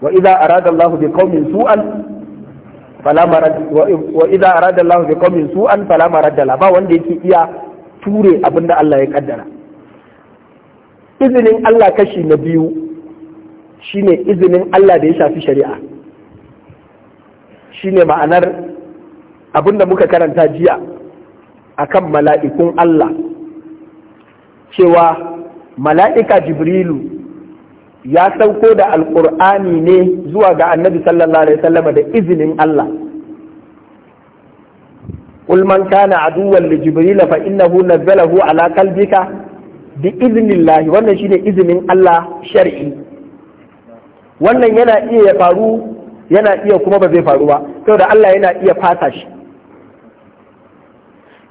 wa idza arada Allahu bi qaumin su'an fala marad wa idza arada Allahu bi qaumin su'an fala marad la ba wanda yake iya ture abinda Allah ya kaddara izinin Allah kashi na biyu shine izinin Allah da ya shafi shari'a shine ma'anar abinda muka karanta jiya akan mala'ikun Allah cewa mala'ika Jibrilu ya sauko da alƙur'ani ne zuwa ga annabi sallallahu alaihi wasallam da izinin Allah قل من كان عدوا لجبريل فإنه ala على قلبك بإذن الله wannan shine izinin Allah shar'i wannan yana iya ya faru yana iya kuma ba zai faru ba saboda Allah yana iya fasa shi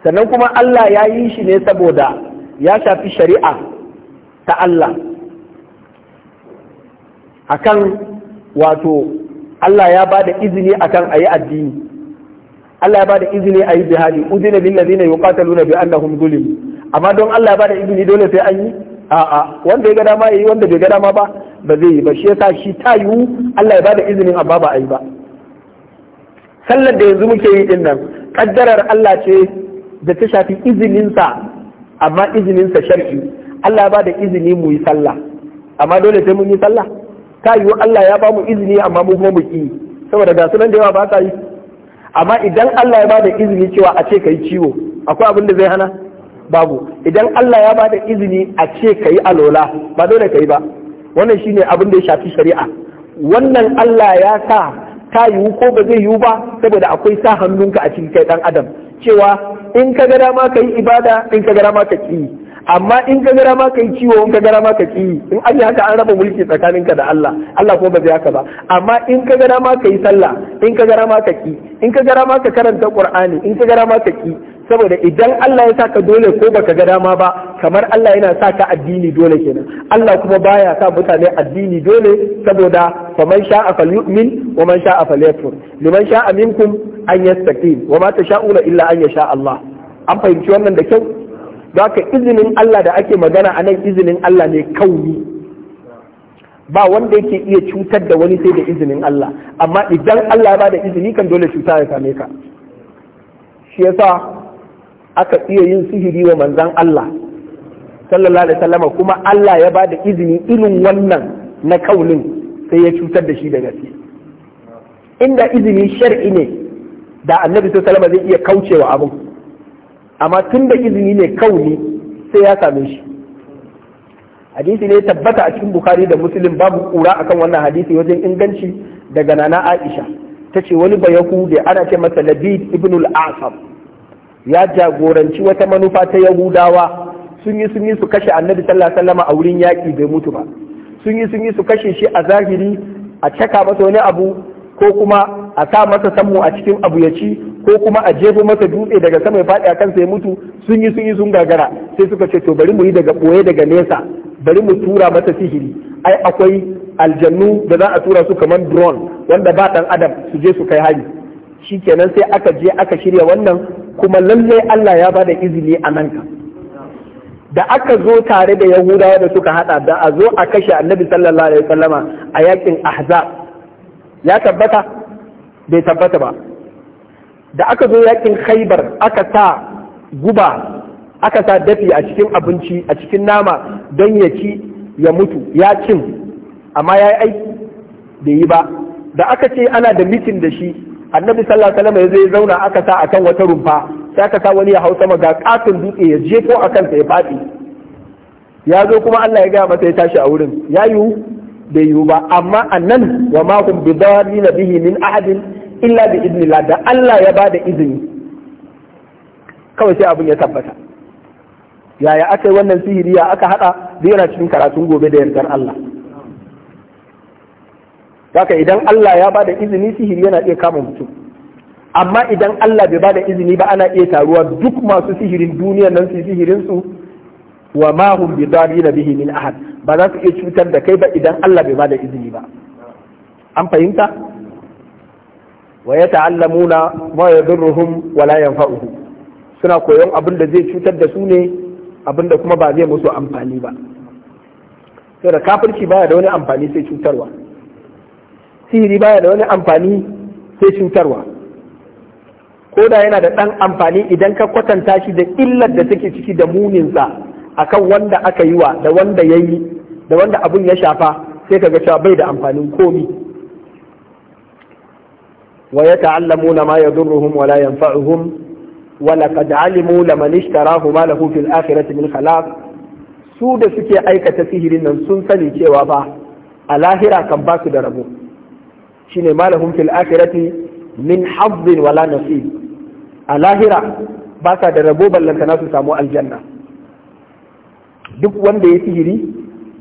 sannan kuma Allah ya yi shi ne saboda ya shafi shari'a ta Allah akan wato Allah ya ba da izini akan ayi addini Allah ya ba da izini ayi jihadi udina lil ladina yuqataluna bi annahum zulim amma don Allah ya ba da izini dole sai an yi a'a wanda ya ga dama yayi wanda bai ga dama ba ba zai yi ba shi yasa shi ta yiwu Allah ya ba da izinin amma ba ayi ba sallar da yanzu muke yi din nan kaddarar Allah ce da ta shafi izininsa amma izininsa sharhi Allah ba da izini mu yi sallah amma dole sai mun yi sallah ta yiwu Allah ya ba mu izini amma mu kuma mu saboda ga sunan da yawa ba ka yi amma idan Allah ya ba da izini cewa a ce kai ciwo akwai abin da zai hana babu idan Allah ya ba da izini a ce kai alola ba dole kai ba wannan shine abin da ya shafi shari'a wannan Allah ya sa ta yiwu ko ba zai yiwu ba saboda akwai sa hannunka a cikin kai dan adam cewa in ka ga dama ka yi ibada in ka ga dama ka ki amma in ka gara ma kai ciwo in ka gara ma ka ki in an yi haka an raba mulki tsakaninka da Allah Allah ko ba zai haka ba amma in ka gara ma kai sallah in ka gara ma ka ki in ka gara ma ka karanta Qur'ani in ka gara ma ka ki saboda idan Allah ya saka dole ko baka ga dama ba kamar Allah yana saka addini dole kenan Allah kuma baya sa mutane addini dole saboda faman sha'a falyu'min wa man sha'a falyakfur liman sha'a minkum an yastaqim wa ma tasha'una illa an yasha Allah an fahimci wannan da kyau daka izinin Allah da ake magana a nan izinin Allah ne kauni ba wanda yake iya cutar da wani sai da izinin Allah amma idan Allah ba da izini kan dole cuta ya same ka shi yasa aka iya yin sihiri wa manzan Allah sallallahu alaihi sallama, kuma Allah ya ba da izini irin wannan na kaulin sai ya cutar da shi da gaske inda izini shar'i ne da annabi sallallahu alaihi zai iya kaucewa abin amma tun da izini ne kauni sai ya same shi hadisi ne tabbata a cikin bukari da musulun babu kura akan wannan hadisi wajen inganci daga nana aisha ta ce wani ba yahude ana ce masa labid ibn al ya jagoranci wata manufa ta yahudawa sun yi sun yi su kashe annabi sallallahu alaihi a wurin yaƙi bai mutu ba sun yi sun yi su kashe shi a zahiri a caka masa wani abu ko kuma a sa masa sammu a cikin abu ya ci ko kuma a jefo masa dutse daga sama ya faɗi a kansa ya mutu sun yi sun yi sun gagara sai suka ce to bari mu yi daga boye daga nesa bari mu tura masa sihiri ai akwai aljannu da za a tura su kamar drone wanda ba dan adam su je su kai hari shikenan sai aka je aka shirya wannan kuma lallai Allah ya bada izini a nan ka da aka zo tare da yahudawa da suka hada da a zo a kashe annabi sallallahu alaihi wasallama a yakin ahzab ya tabbata bai tabbata ba da aka zo yakin khaibar aka sa guba aka sa dafi a cikin abinci a cikin nama don ya ci ya mutu ya cin amma ya yi aiki bai yi ba da aka ce ana da mitin da shi annabi sallallahu alaihi wasallam ya zai zauna aka sa akan wata rumfa sai aka sa wani ya hau sama ga katin dutse ya je ko akan sa ya fadi ya zo kuma Allah ya gaya masa ya tashi a wurin ya yiwu bai yiwu ba amma annan wa ma hum bidarrina bihi min ahadin illa da idnillah da Allah ya bada izini kawai sai abin ya tabbata yaya aka yi wannan sihiri ya aka haɗa? zai yana cikin karatun gobe da yardar Allah haka idan Allah ya bada izini sihiri yana iya kama mutum amma idan Allah bai ba da izini ba ana iya taruwa duk masu sihirin duniya nan su sihirin su wa ma hum bi darina bihi min ahad ba za su iya cutar da kai ba idan Allah bai bada izini ba an fahimta wa ya ta'allamuna ma yadurruhum wa la yanfa'uhu suna koyon abin da zai cutar da su ne abin da kuma ba zai musu amfani ba sai da kafirci baya da wani amfani sai cutarwa sihiri baya da wani amfani sai cutarwa ko da yana da ɗan amfani idan ka kwatanta shi da illar da take ciki da muninsa a kan wanda aka yi wa da wanda ya yi da wanda abun ya shafa sai ka ga cewa bai da amfanin komi ويتعلمون ما يضرهم ولا ينفعهم ولقد علموا لمن اشتراه ما له في الآخرة من خلاق su da suke aikata sihirin nan sun sani cewa ba a lahira kan ba su da rabo shine malahum fil akhirati min hazzin wala nasib a lahira ba da rabo ballantana su samu aljanna duk wanda ya sihiri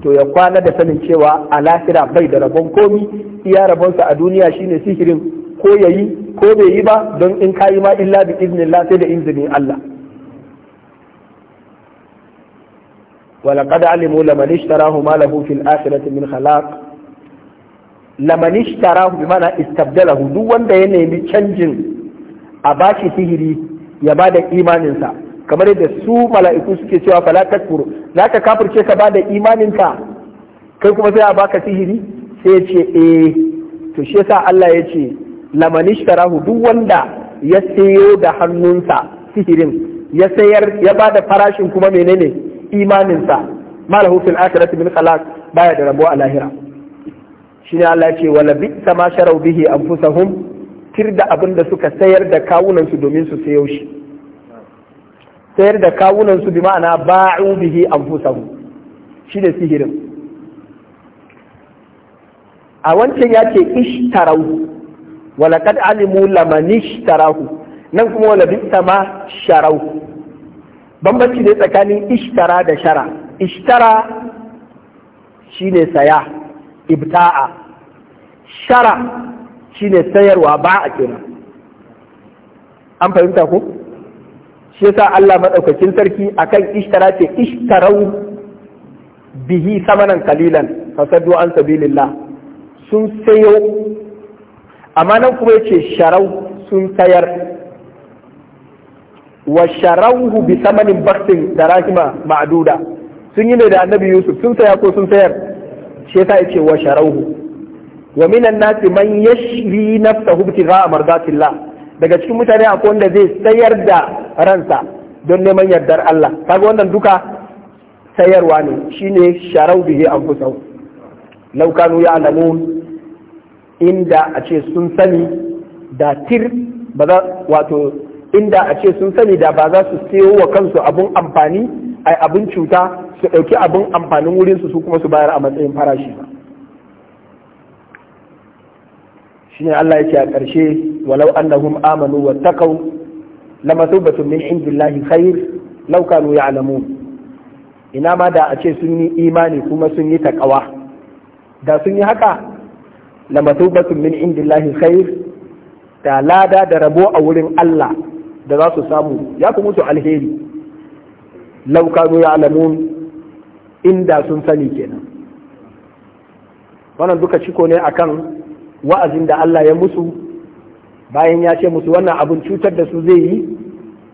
to ya kwana da sanin cewa a lahira bai da rabon komi iya rabonsa a duniya shine sihirin ko ya yi ko bai yi ba don in ka yi ma illa bi iznillah sai da izinin Allah alimu ولقد علموا لمن اشتراه ما له في الآخرة من خلاق لمن اشتراه بمعنى hu duk wanda ya nemi canjin a bashi sihiri ya bada imaninsa kamar yadda su mala'iku suke cewa fala takfur ka kafirce ka bada imaninka kai kuma sai a baka sihiri sai ya ce eh to shi yasa Allah ya ce lamanishtarahu duk wanda ya sayo da hannunsa sihirin ya sayar ya ba da farashin kuma menene imaninsa malahu fil akhirati min khalaq baya da rabo a lahira shine Allah ce wala bi ma sharau bihi anfusahum tirda da abin da suka sayar da kawunan su domin su sayo shi sayar da kawunan su bi ma'ana ba'u bihi anfusahum shine sihirin a wancan ya ce ishtarau walaƙad alimu lamani shtarahu nan kuma wala bitta ma sharau bambanci ne tsakanin ishtara da shara ishtara shine saya ibta'a shara shine sayarwa ba kenan an fahimta ko shi yasa Allah madaukakin sarki akan ishtara ce ishtarau bihi samanan kalilan fasaddu an sabilillah sun sayo amma nan kuma yace sharau sun sayar wa sharauhu bi samanin baktin da rahima ma'duda sun yi ne da annabi yusuf sun saya ko sun sayar shi yasa yace wa sharauhu wa minan nasi man yashri nafsahu ibtigha'a mardatillah daga cikin mutane akwai wanda zai sayar da ransa don neman yardar Allah kaga wannan duka sayarwa ne shine sharau bihi anfusahum law kanu ya'lamun inda a ce sun sani da tir ba za wato inda a ce sun sani da ba za su siyo wa kansu abun amfani ai abun cuta su ɗauki abin amfanin wurinsu su kuma su bayar a matsayin farashi ba shine Allah ya ce a ƙarshe walau annahum amanu wa taqaw lamasubatun min indillahi khair law kanu ya'lamun ina ma da a ce sun yi imani kuma sun yi takawa da sun yi haka la matubatun min indillahi khair da lada da rabo a wurin Allah da za su samu ya fi mutu alheri law kanu ya'lamun inda sun sani kenan wannan duka ciko ne akan wa'azin da Allah ya musu bayan ya ce musu wannan abun cutar da su zai yi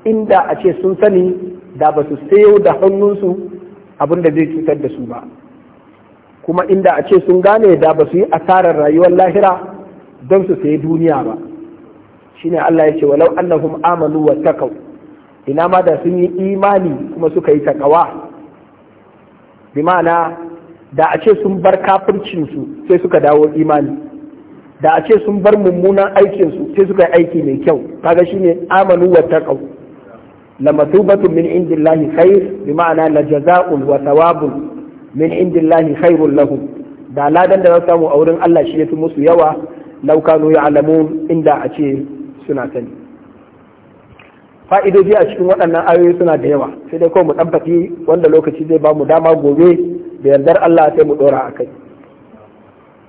inda a ce sun sani da ba su sayo da hannunsu abin da zai cutar da su ba kuma inda a ce sun gane da ba su yi asarar rayuwar lahira don su sayi duniya ba shine Allah ya ce walau annahum amanu wa taqaw ina ma da sun yi imani kuma suka yi takawa bi ma'ana da a ce sun bar kafircin su sai suka dawo imani da a ce sun bar mummunan aikin su sai suka yi aiki mai kyau kaga shine amanu wa taqaw lamatubatu min indillahi khair bi ma'ana la jaza'un wa thawabun min indillahi khairul lahum da ladan da za samu a wurin Allah shi yafi musu yawa law kanu ya'lamun inda a ce suna sani fa'idoji a cikin waɗannan ayoyi suna da yawa sai dai kawai mu tabbaci wanda lokaci zai ba mu dama gobe da yardar Allah sai mu dora kai.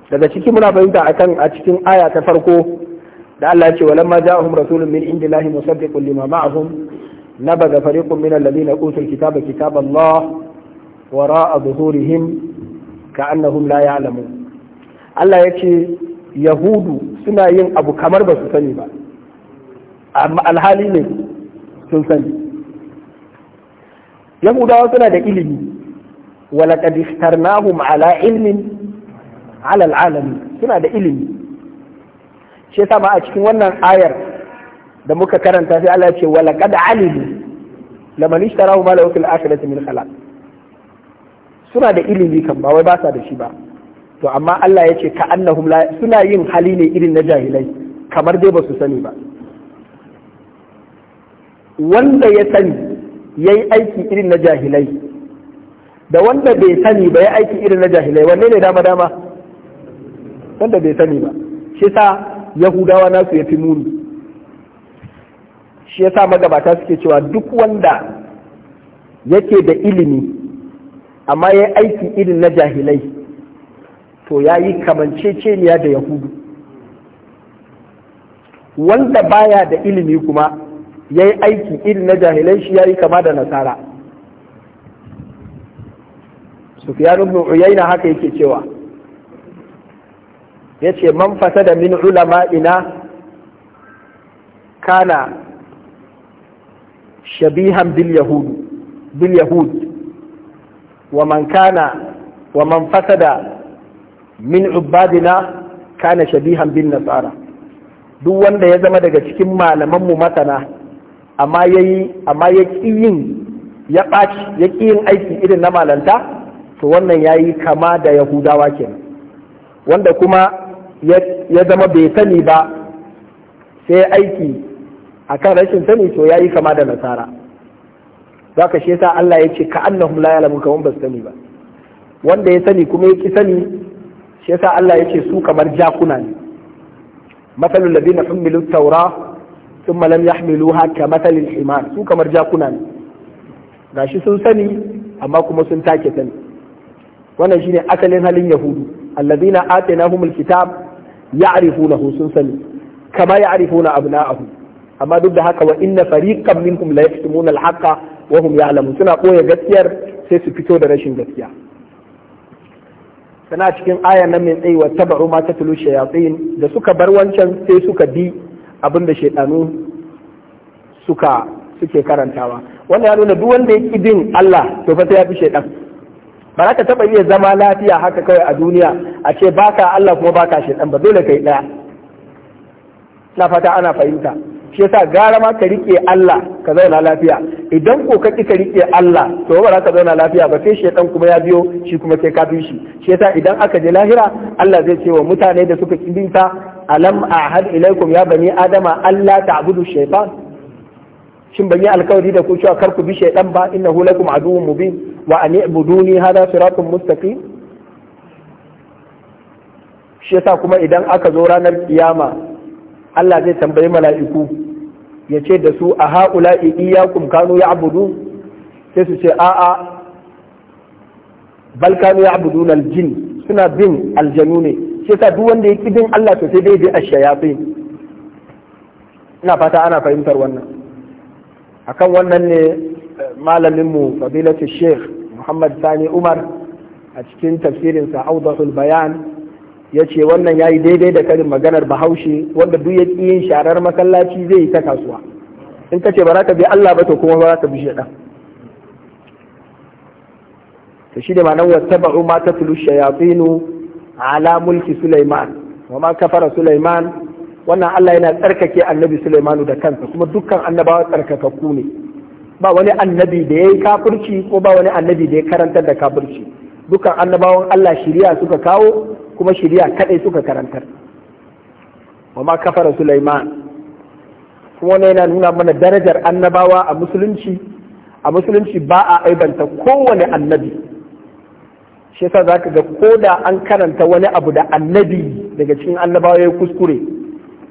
daga ciki muna fahimta akan a cikin aya ta farko da Allah ya ce walamma ja'ahum rasulun min indillahi musaddiqun lima ma'ahum nabaga fariqun min alladhina utul kitaba kitaballah wara a zuhurihim ka annahum la ya'lamu Allah ya ce yahudu suna yin abu kamar ba su sani ba amma alhali ne sun sani yahudawa suna da ilimi ولقد اخترناهم ala علم على العالم suna da ilimi shi yasa ma a cikin wannan ayar da muka karanta sai Allah ya ce walaqad alimu laman ishtarahu ma lahu fil akhirati min khalaq suna da ilimi kan ba wai ba sa da shi ba to amma Allah ya ce ka annahum la suna yin hali ne irin na jahilai kamar dai ba su sani ba wanda ya sani ya yi aiki irin na jahilai da wanda bai sani ba ya aiki irin na jahilai wanne ne dama dama wanda bai sani ba shi sa yahudawa nasu ya fi muni shi yasa magabata suke cewa duk wanda yake da ilimi amma ya yi aiki irin na jahilai to ya yi kamanceceniya da yahudu wanda baya da ilimi kuma ya yi aiki irin na jahilai shi ya yi kama da nasara sufyan ibn uyayna haka yake cewa Ya ce man da min ulama ina kana shabihan bil yahud bil yahud wa man ومن فسد من عبادنا min ubadina kana shabihan bin nasara duk wanda ya zama daga cikin malaman mu masana amma yayi amma ya yin ya ɓaci ya yin aiki irin na malanta to wannan yayi kama da yahudawa kenan wanda kuma ya zama bai sani ba sai aiki akan rashin sani to ya yi kama da nasara zaka shi yasa Allah ya ce ka'annahum la ya'lamun kaman ba sani ba wanda ya sani kuma ya ki sani shi yasa Allah ya ce su kamar jakuna ne masalul ladina hummilu tawra thumma lam yahmiluha kamathalil himar su kamar jakuna ne gashi sun sani amma kuma sun take sani wannan shine asalin halin yahudu alladina atainahumul kitab ya'rifunahu sun sani kama ya'rifuna abna'ahum amma duk da haka wa inna fariqan minkum la yaktumuna al wahum ya alamu suna ɓoye gaskiyar sai su fito da rashin gaskiya sana cikin aya na min tsayi wa taba'u ma tulu shayatin da suka bar wancan sai suka bi abin da shaiɗanu suka suke karantawa wannan ya nuna duk wanda ya bin Allah to fa sai ya fi shaiɗan? ba za ka taɓa iya zama lafiya haka kawai a duniya a ce baka Allah kuma baka shaiɗan ba dole kai ɗaya na fata ana fahimta shi yasa gara ma ka rike Allah ka zauna lafiya idan ko ka ka rike Allah to ba za ka zauna lafiya ba sai shedan kuma ya biyo shi kuma sai ka shi shi yasa idan aka je lahira Allah zai ce wa mutane da suka kibinta alam ahad ilaikum ya bani adama Allah ta'budu shaytan shin ban yi alkawari da ku cewa kar ku bi shaytan ba innahu lakum aduwwun mubin wa an ibuduni hada siratun mustaqim shi yasa kuma idan aka zo ranar kiyama Allah zai tambayi mala'iku ya ce da su a haƙula ya kanu ya abudu sai su ce a'a bal kanu ya abudu na jin suna bin aljanu ne sai sa duk wanda ya ƙi bin Allah to sai dai bi shayafi ina fata ana fahimtar wannan akan wannan ne eh, malaminmu fadilatu sheikh Muhammad Sani Umar a cikin tafsirinsa Audahul Bayan ya ce wannan ya yi daidai da karin maganar bahaushe wanda duk ya ƙi yin sharar masallaci zai yi ta kasuwa in ka ce ba za ka bi Allah ba to kuma ba za ka bi shaɗa ta shi da ma'anar wata ba'u ma ta tulu a ala mulki Sulaiman wa ma kafara Sulaiman wannan Allah yana tsarkake annabi Sulaimanu da kansa kuma dukkan annabawa tsarkakakku ne ba wani annabi da ya yi kafirci ko ba wani annabi da ya karantar da kafirci dukkan annabawan Allah shiriya suka kawo kuma shirya kadai suka karantar wa ma kafara Sulaiman kuma ne yana nuna mana darajar annabawa a musulunci a musulunci ba a aibanta kowane annabi shi yasa zaka ga ko da an karanta wani abu da annabi daga cikin annabawa ya kuskure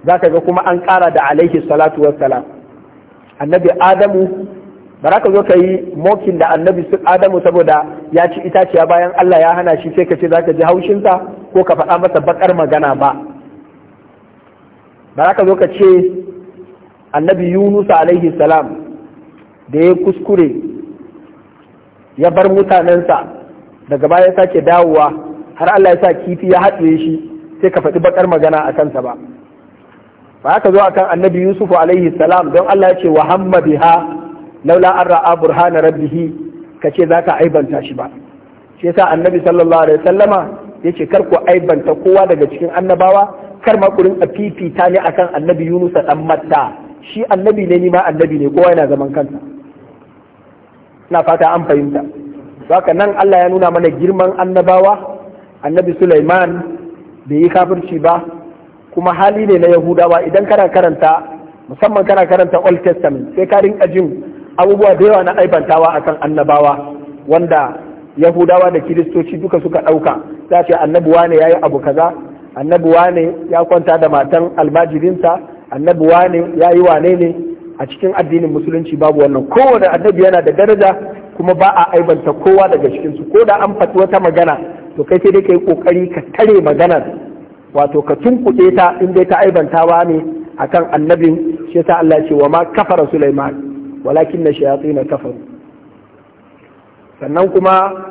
zaka ga kuma an kara da alaihi salatu wassalam annabi adamu ba za ka zo ka yi mokin da annabi adamu saboda ya ci itaciya bayan Allah ya hana shi sai ka ce za ka ji haushinsa ko ka faɗa masa baƙar magana ba ba ka zo ka ce annabi yunus alaihi salam da ya kuskure ya bar mutanensa daga baya ya sake dawowa har allah ya sa kifi ya haɗe shi sai ka faɗi baƙar magana a kansa ba ba ka zo akan annabi yusuf alaihi salam don allah ya ce wa hamma biha laula an ra'a burhana rabbihi za ka aibanta shi ba shi yasa annabi sallallahu alaihi wasallama yace kar ku aibanta kowa daga cikin annabawa kar ma ku fifita ne akan annabi Yunus dan Matta shi annabi ne ni annabi ne kowa yana zaman kansa ina fata an fahimta haka nan Allah ya nuna mana girman annabawa annabi Sulaiman bai yi kafirci ba kuma hali ne na Yahudawa idan kana karanta musamman kana karanta old testament sai ka rinka jin abubuwa da yawa na aibantawa akan annabawa wanda yahudawa da kiristoci duka suka ɗauka za ce annabi wane ya yi abu kaza annabi wane ya kwanta da matan almajirinsa annabi wane ya yi wane ne a cikin addinin musulunci babu wannan kowane annabi yana da daraja kuma ba a aibanta kowa daga cikinsu ko da an faɗi wata magana to kai sai dai ka yi ƙoƙari ka tare maganar wato ka tunkuɗe ta in dai ta aibantawa ne akan annabin shi yasa Allah ce wa ma kafara Sulaiman walakin na shayatin kafaru sannan kuma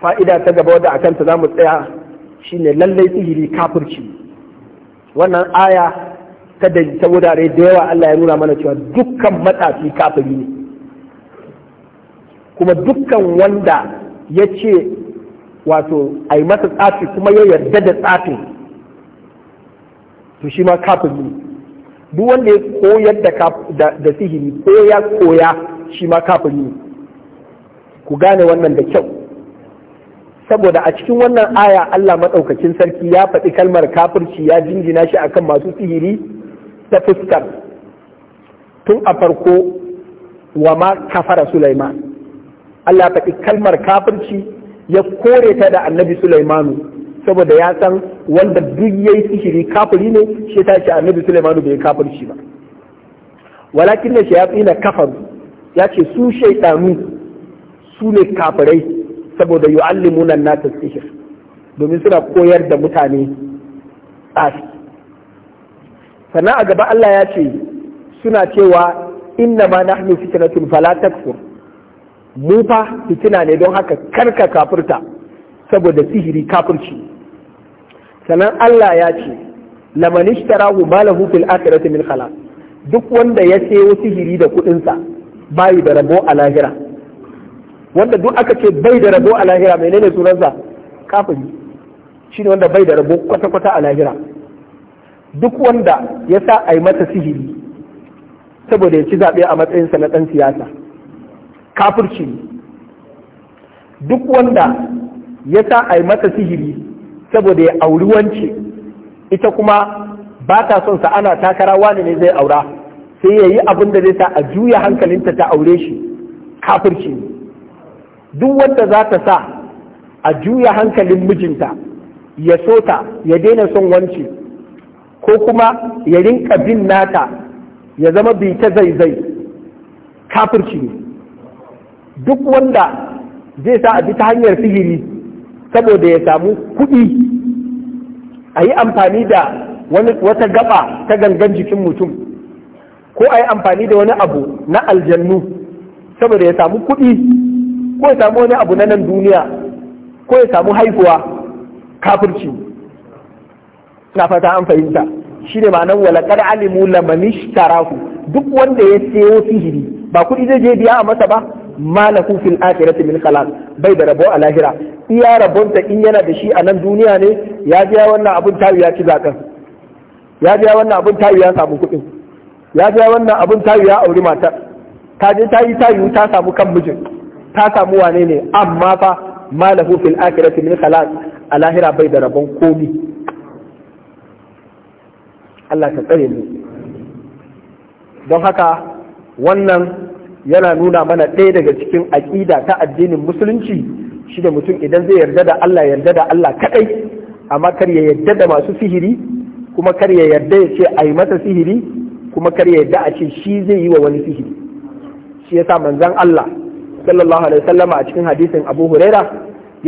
fa'ida ta gaba wadda kanta ta mu tsaya shi ne lallai sihiri kafirci wannan aya ta da ta wurare da yawa Allah ya nuna mana cewa dukkan matafi kafiri ne kuma dukkan wanda ya ce wato a yi masa tsafi kuma ya yarda da tsafi to shi ma kafiri ne duk wanda ya koyar da sihiri ko ya koya shi ma kafiri ne ku gane wannan da kyau saboda a cikin wannan aya Allah maɗaukacin sarki ya faɗi kalmar kafirci ya jingina shi akan masu sihiri ta fuskar tun a farko wa ma kafara Sulaiman Allah faɗi kalmar kafirci ya kore ta da annabi Sulaimanu saboda ya san wanda duk ya yi sihiri kafiri ne shi ta ce annabi Sulaimanu bai kafirci ba walakin ya tsina kafar ya ce su shaiɗanu su ne kafirai saboda yu'allimuna nata sihir domin suna koyar da mutane tsafi sannan a gaba Allah ya ce suna cewa inna ma nahnu fitnatun fala takfur mu fa fitina ne don haka karka kafurta saboda sihiri kafurci sannan Allah ya ce laman ishtarahu malahu fil akhirati min khalaq duk wanda ya sayo sihiri da kuɗinsa bayi da rabo a lahira wanda duk aka ce bai da rabo a lahira menene sunansa kafiri shine wanda bai da rabo kwata-kwata a lahira duk wanda ya sa a yi mata sihiri saboda ya ci zaɓe a matsayinsa na ɗan siyasa kafirci ne duk wanda ya sa a yi mata sihiri saboda ya auri wance ita kuma ba ta son sa ana takara wani ne zai aura sai ya yi abin da zai sa a juya hankalinta ta aure shi kafirci ne duk wanda za ta sa a juya hankalin mijinta ya so ta ya daina son wanci ko kuma ya rinka bin nata ya zama bi ta zaizai kafirci ne duk wanda zai sa a bi ta hanyar sihiri saboda ya samu kuɗi a yi amfani da wata gaba ta gangan jikin mutum ko a yi amfani da wani abu na aljannu saboda ya samu kuɗi ko ya samu wani abu na nan duniya ko ya samu haihuwa kafirci na fata an fahimta shi ne ma'anar walakar alimu lamanish tarahu duk wanda ya sayo sihiri ba kudi zai je biya a masa ba malaku fil akhirati min khalas bai da rabo a lahira iya rabon ta in yana da shi a nan duniya ne ya biya wannan abun tayu ya ci zakan ya biya wannan abun tayu ya samu kudin ya biya wannan abun tayu ya auri matar ta je ta yi tayu ta samu kan mijin ta samu wane ne amma fa ma lahu fil akhirati min khalaq a lahira bai da rabon komi Allah ka tsare mu don haka wannan yana nuna mana ɗaya daga cikin aƙida ta addinin musulunci shi da mutum idan zai yarda da Allah yarda da Allah kaɗai amma kar ya yarda da masu sihiri kuma kar ya yarda ya ce a masa sihiri kuma kar ya yarda a ce shi zai yi wa wani sihiri shi yasa manzon Allah sallallahu alaihi wasallama a cikin hadisin abu huraira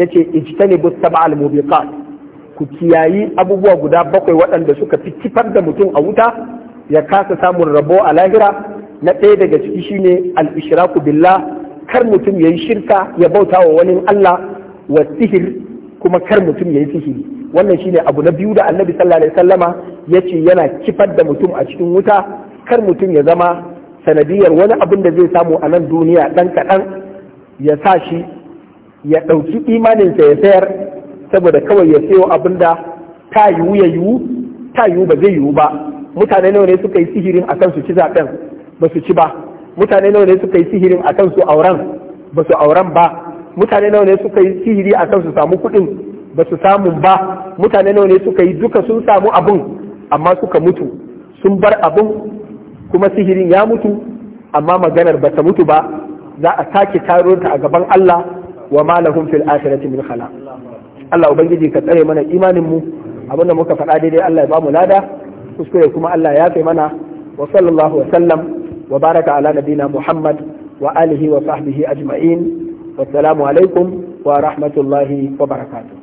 yace ijtanibu sab'al mubiqat ku kiyayi abubuwa guda bakwai waɗanda suka fi kifar da mutum a wuta ya kasa samun rabo a lahira na ɗaya daga ciki shine al-ishraku billah kar mutum yayi shirka ya bauta wa wani Allah wa sihir kuma kar mutum yayi sihiri wannan shine abu na biyu da annabi sallallahu alaihi wasallama yace yana kifar da mutum a cikin wuta kar mutum ya zama sanadiyar wani abin da zai samu a nan duniya ɗan kaɗan ya sa shi ya ɗauki imaninsa ya sayar saboda kawai ya sayo abin da ta yiwu ya yiwu ta yiwu ba zai yiwu ba mutane nawa ne suka yi sihirin a kansu ci zaɓen ba su ci ba mutane nawa ne suka yi sihirin a kansu auren ba su auren ba mutane nawa ne suka yi sihiri a kansu samu kuɗin ba su samun ba mutane nawa ne suka yi duka sun samu abin amma suka mutu sun bar abin kuma sihirin ya mutu amma maganar ba ta mutu ba za a sake taro ta a gaban Allah wa ma lahum fil akhirati min khalaq Allah ubangiji ka tsare mana imanin mu abinda muka faɗa daidai Allah ya ba mu lada kuskure kuma Allah ya kai mana wa sallallahu wa sallam wa baraka ala nabina Muhammad wa alihi wa sahbihi ajma'in wassalamu alaikum wa rahmatullahi wa barakatuh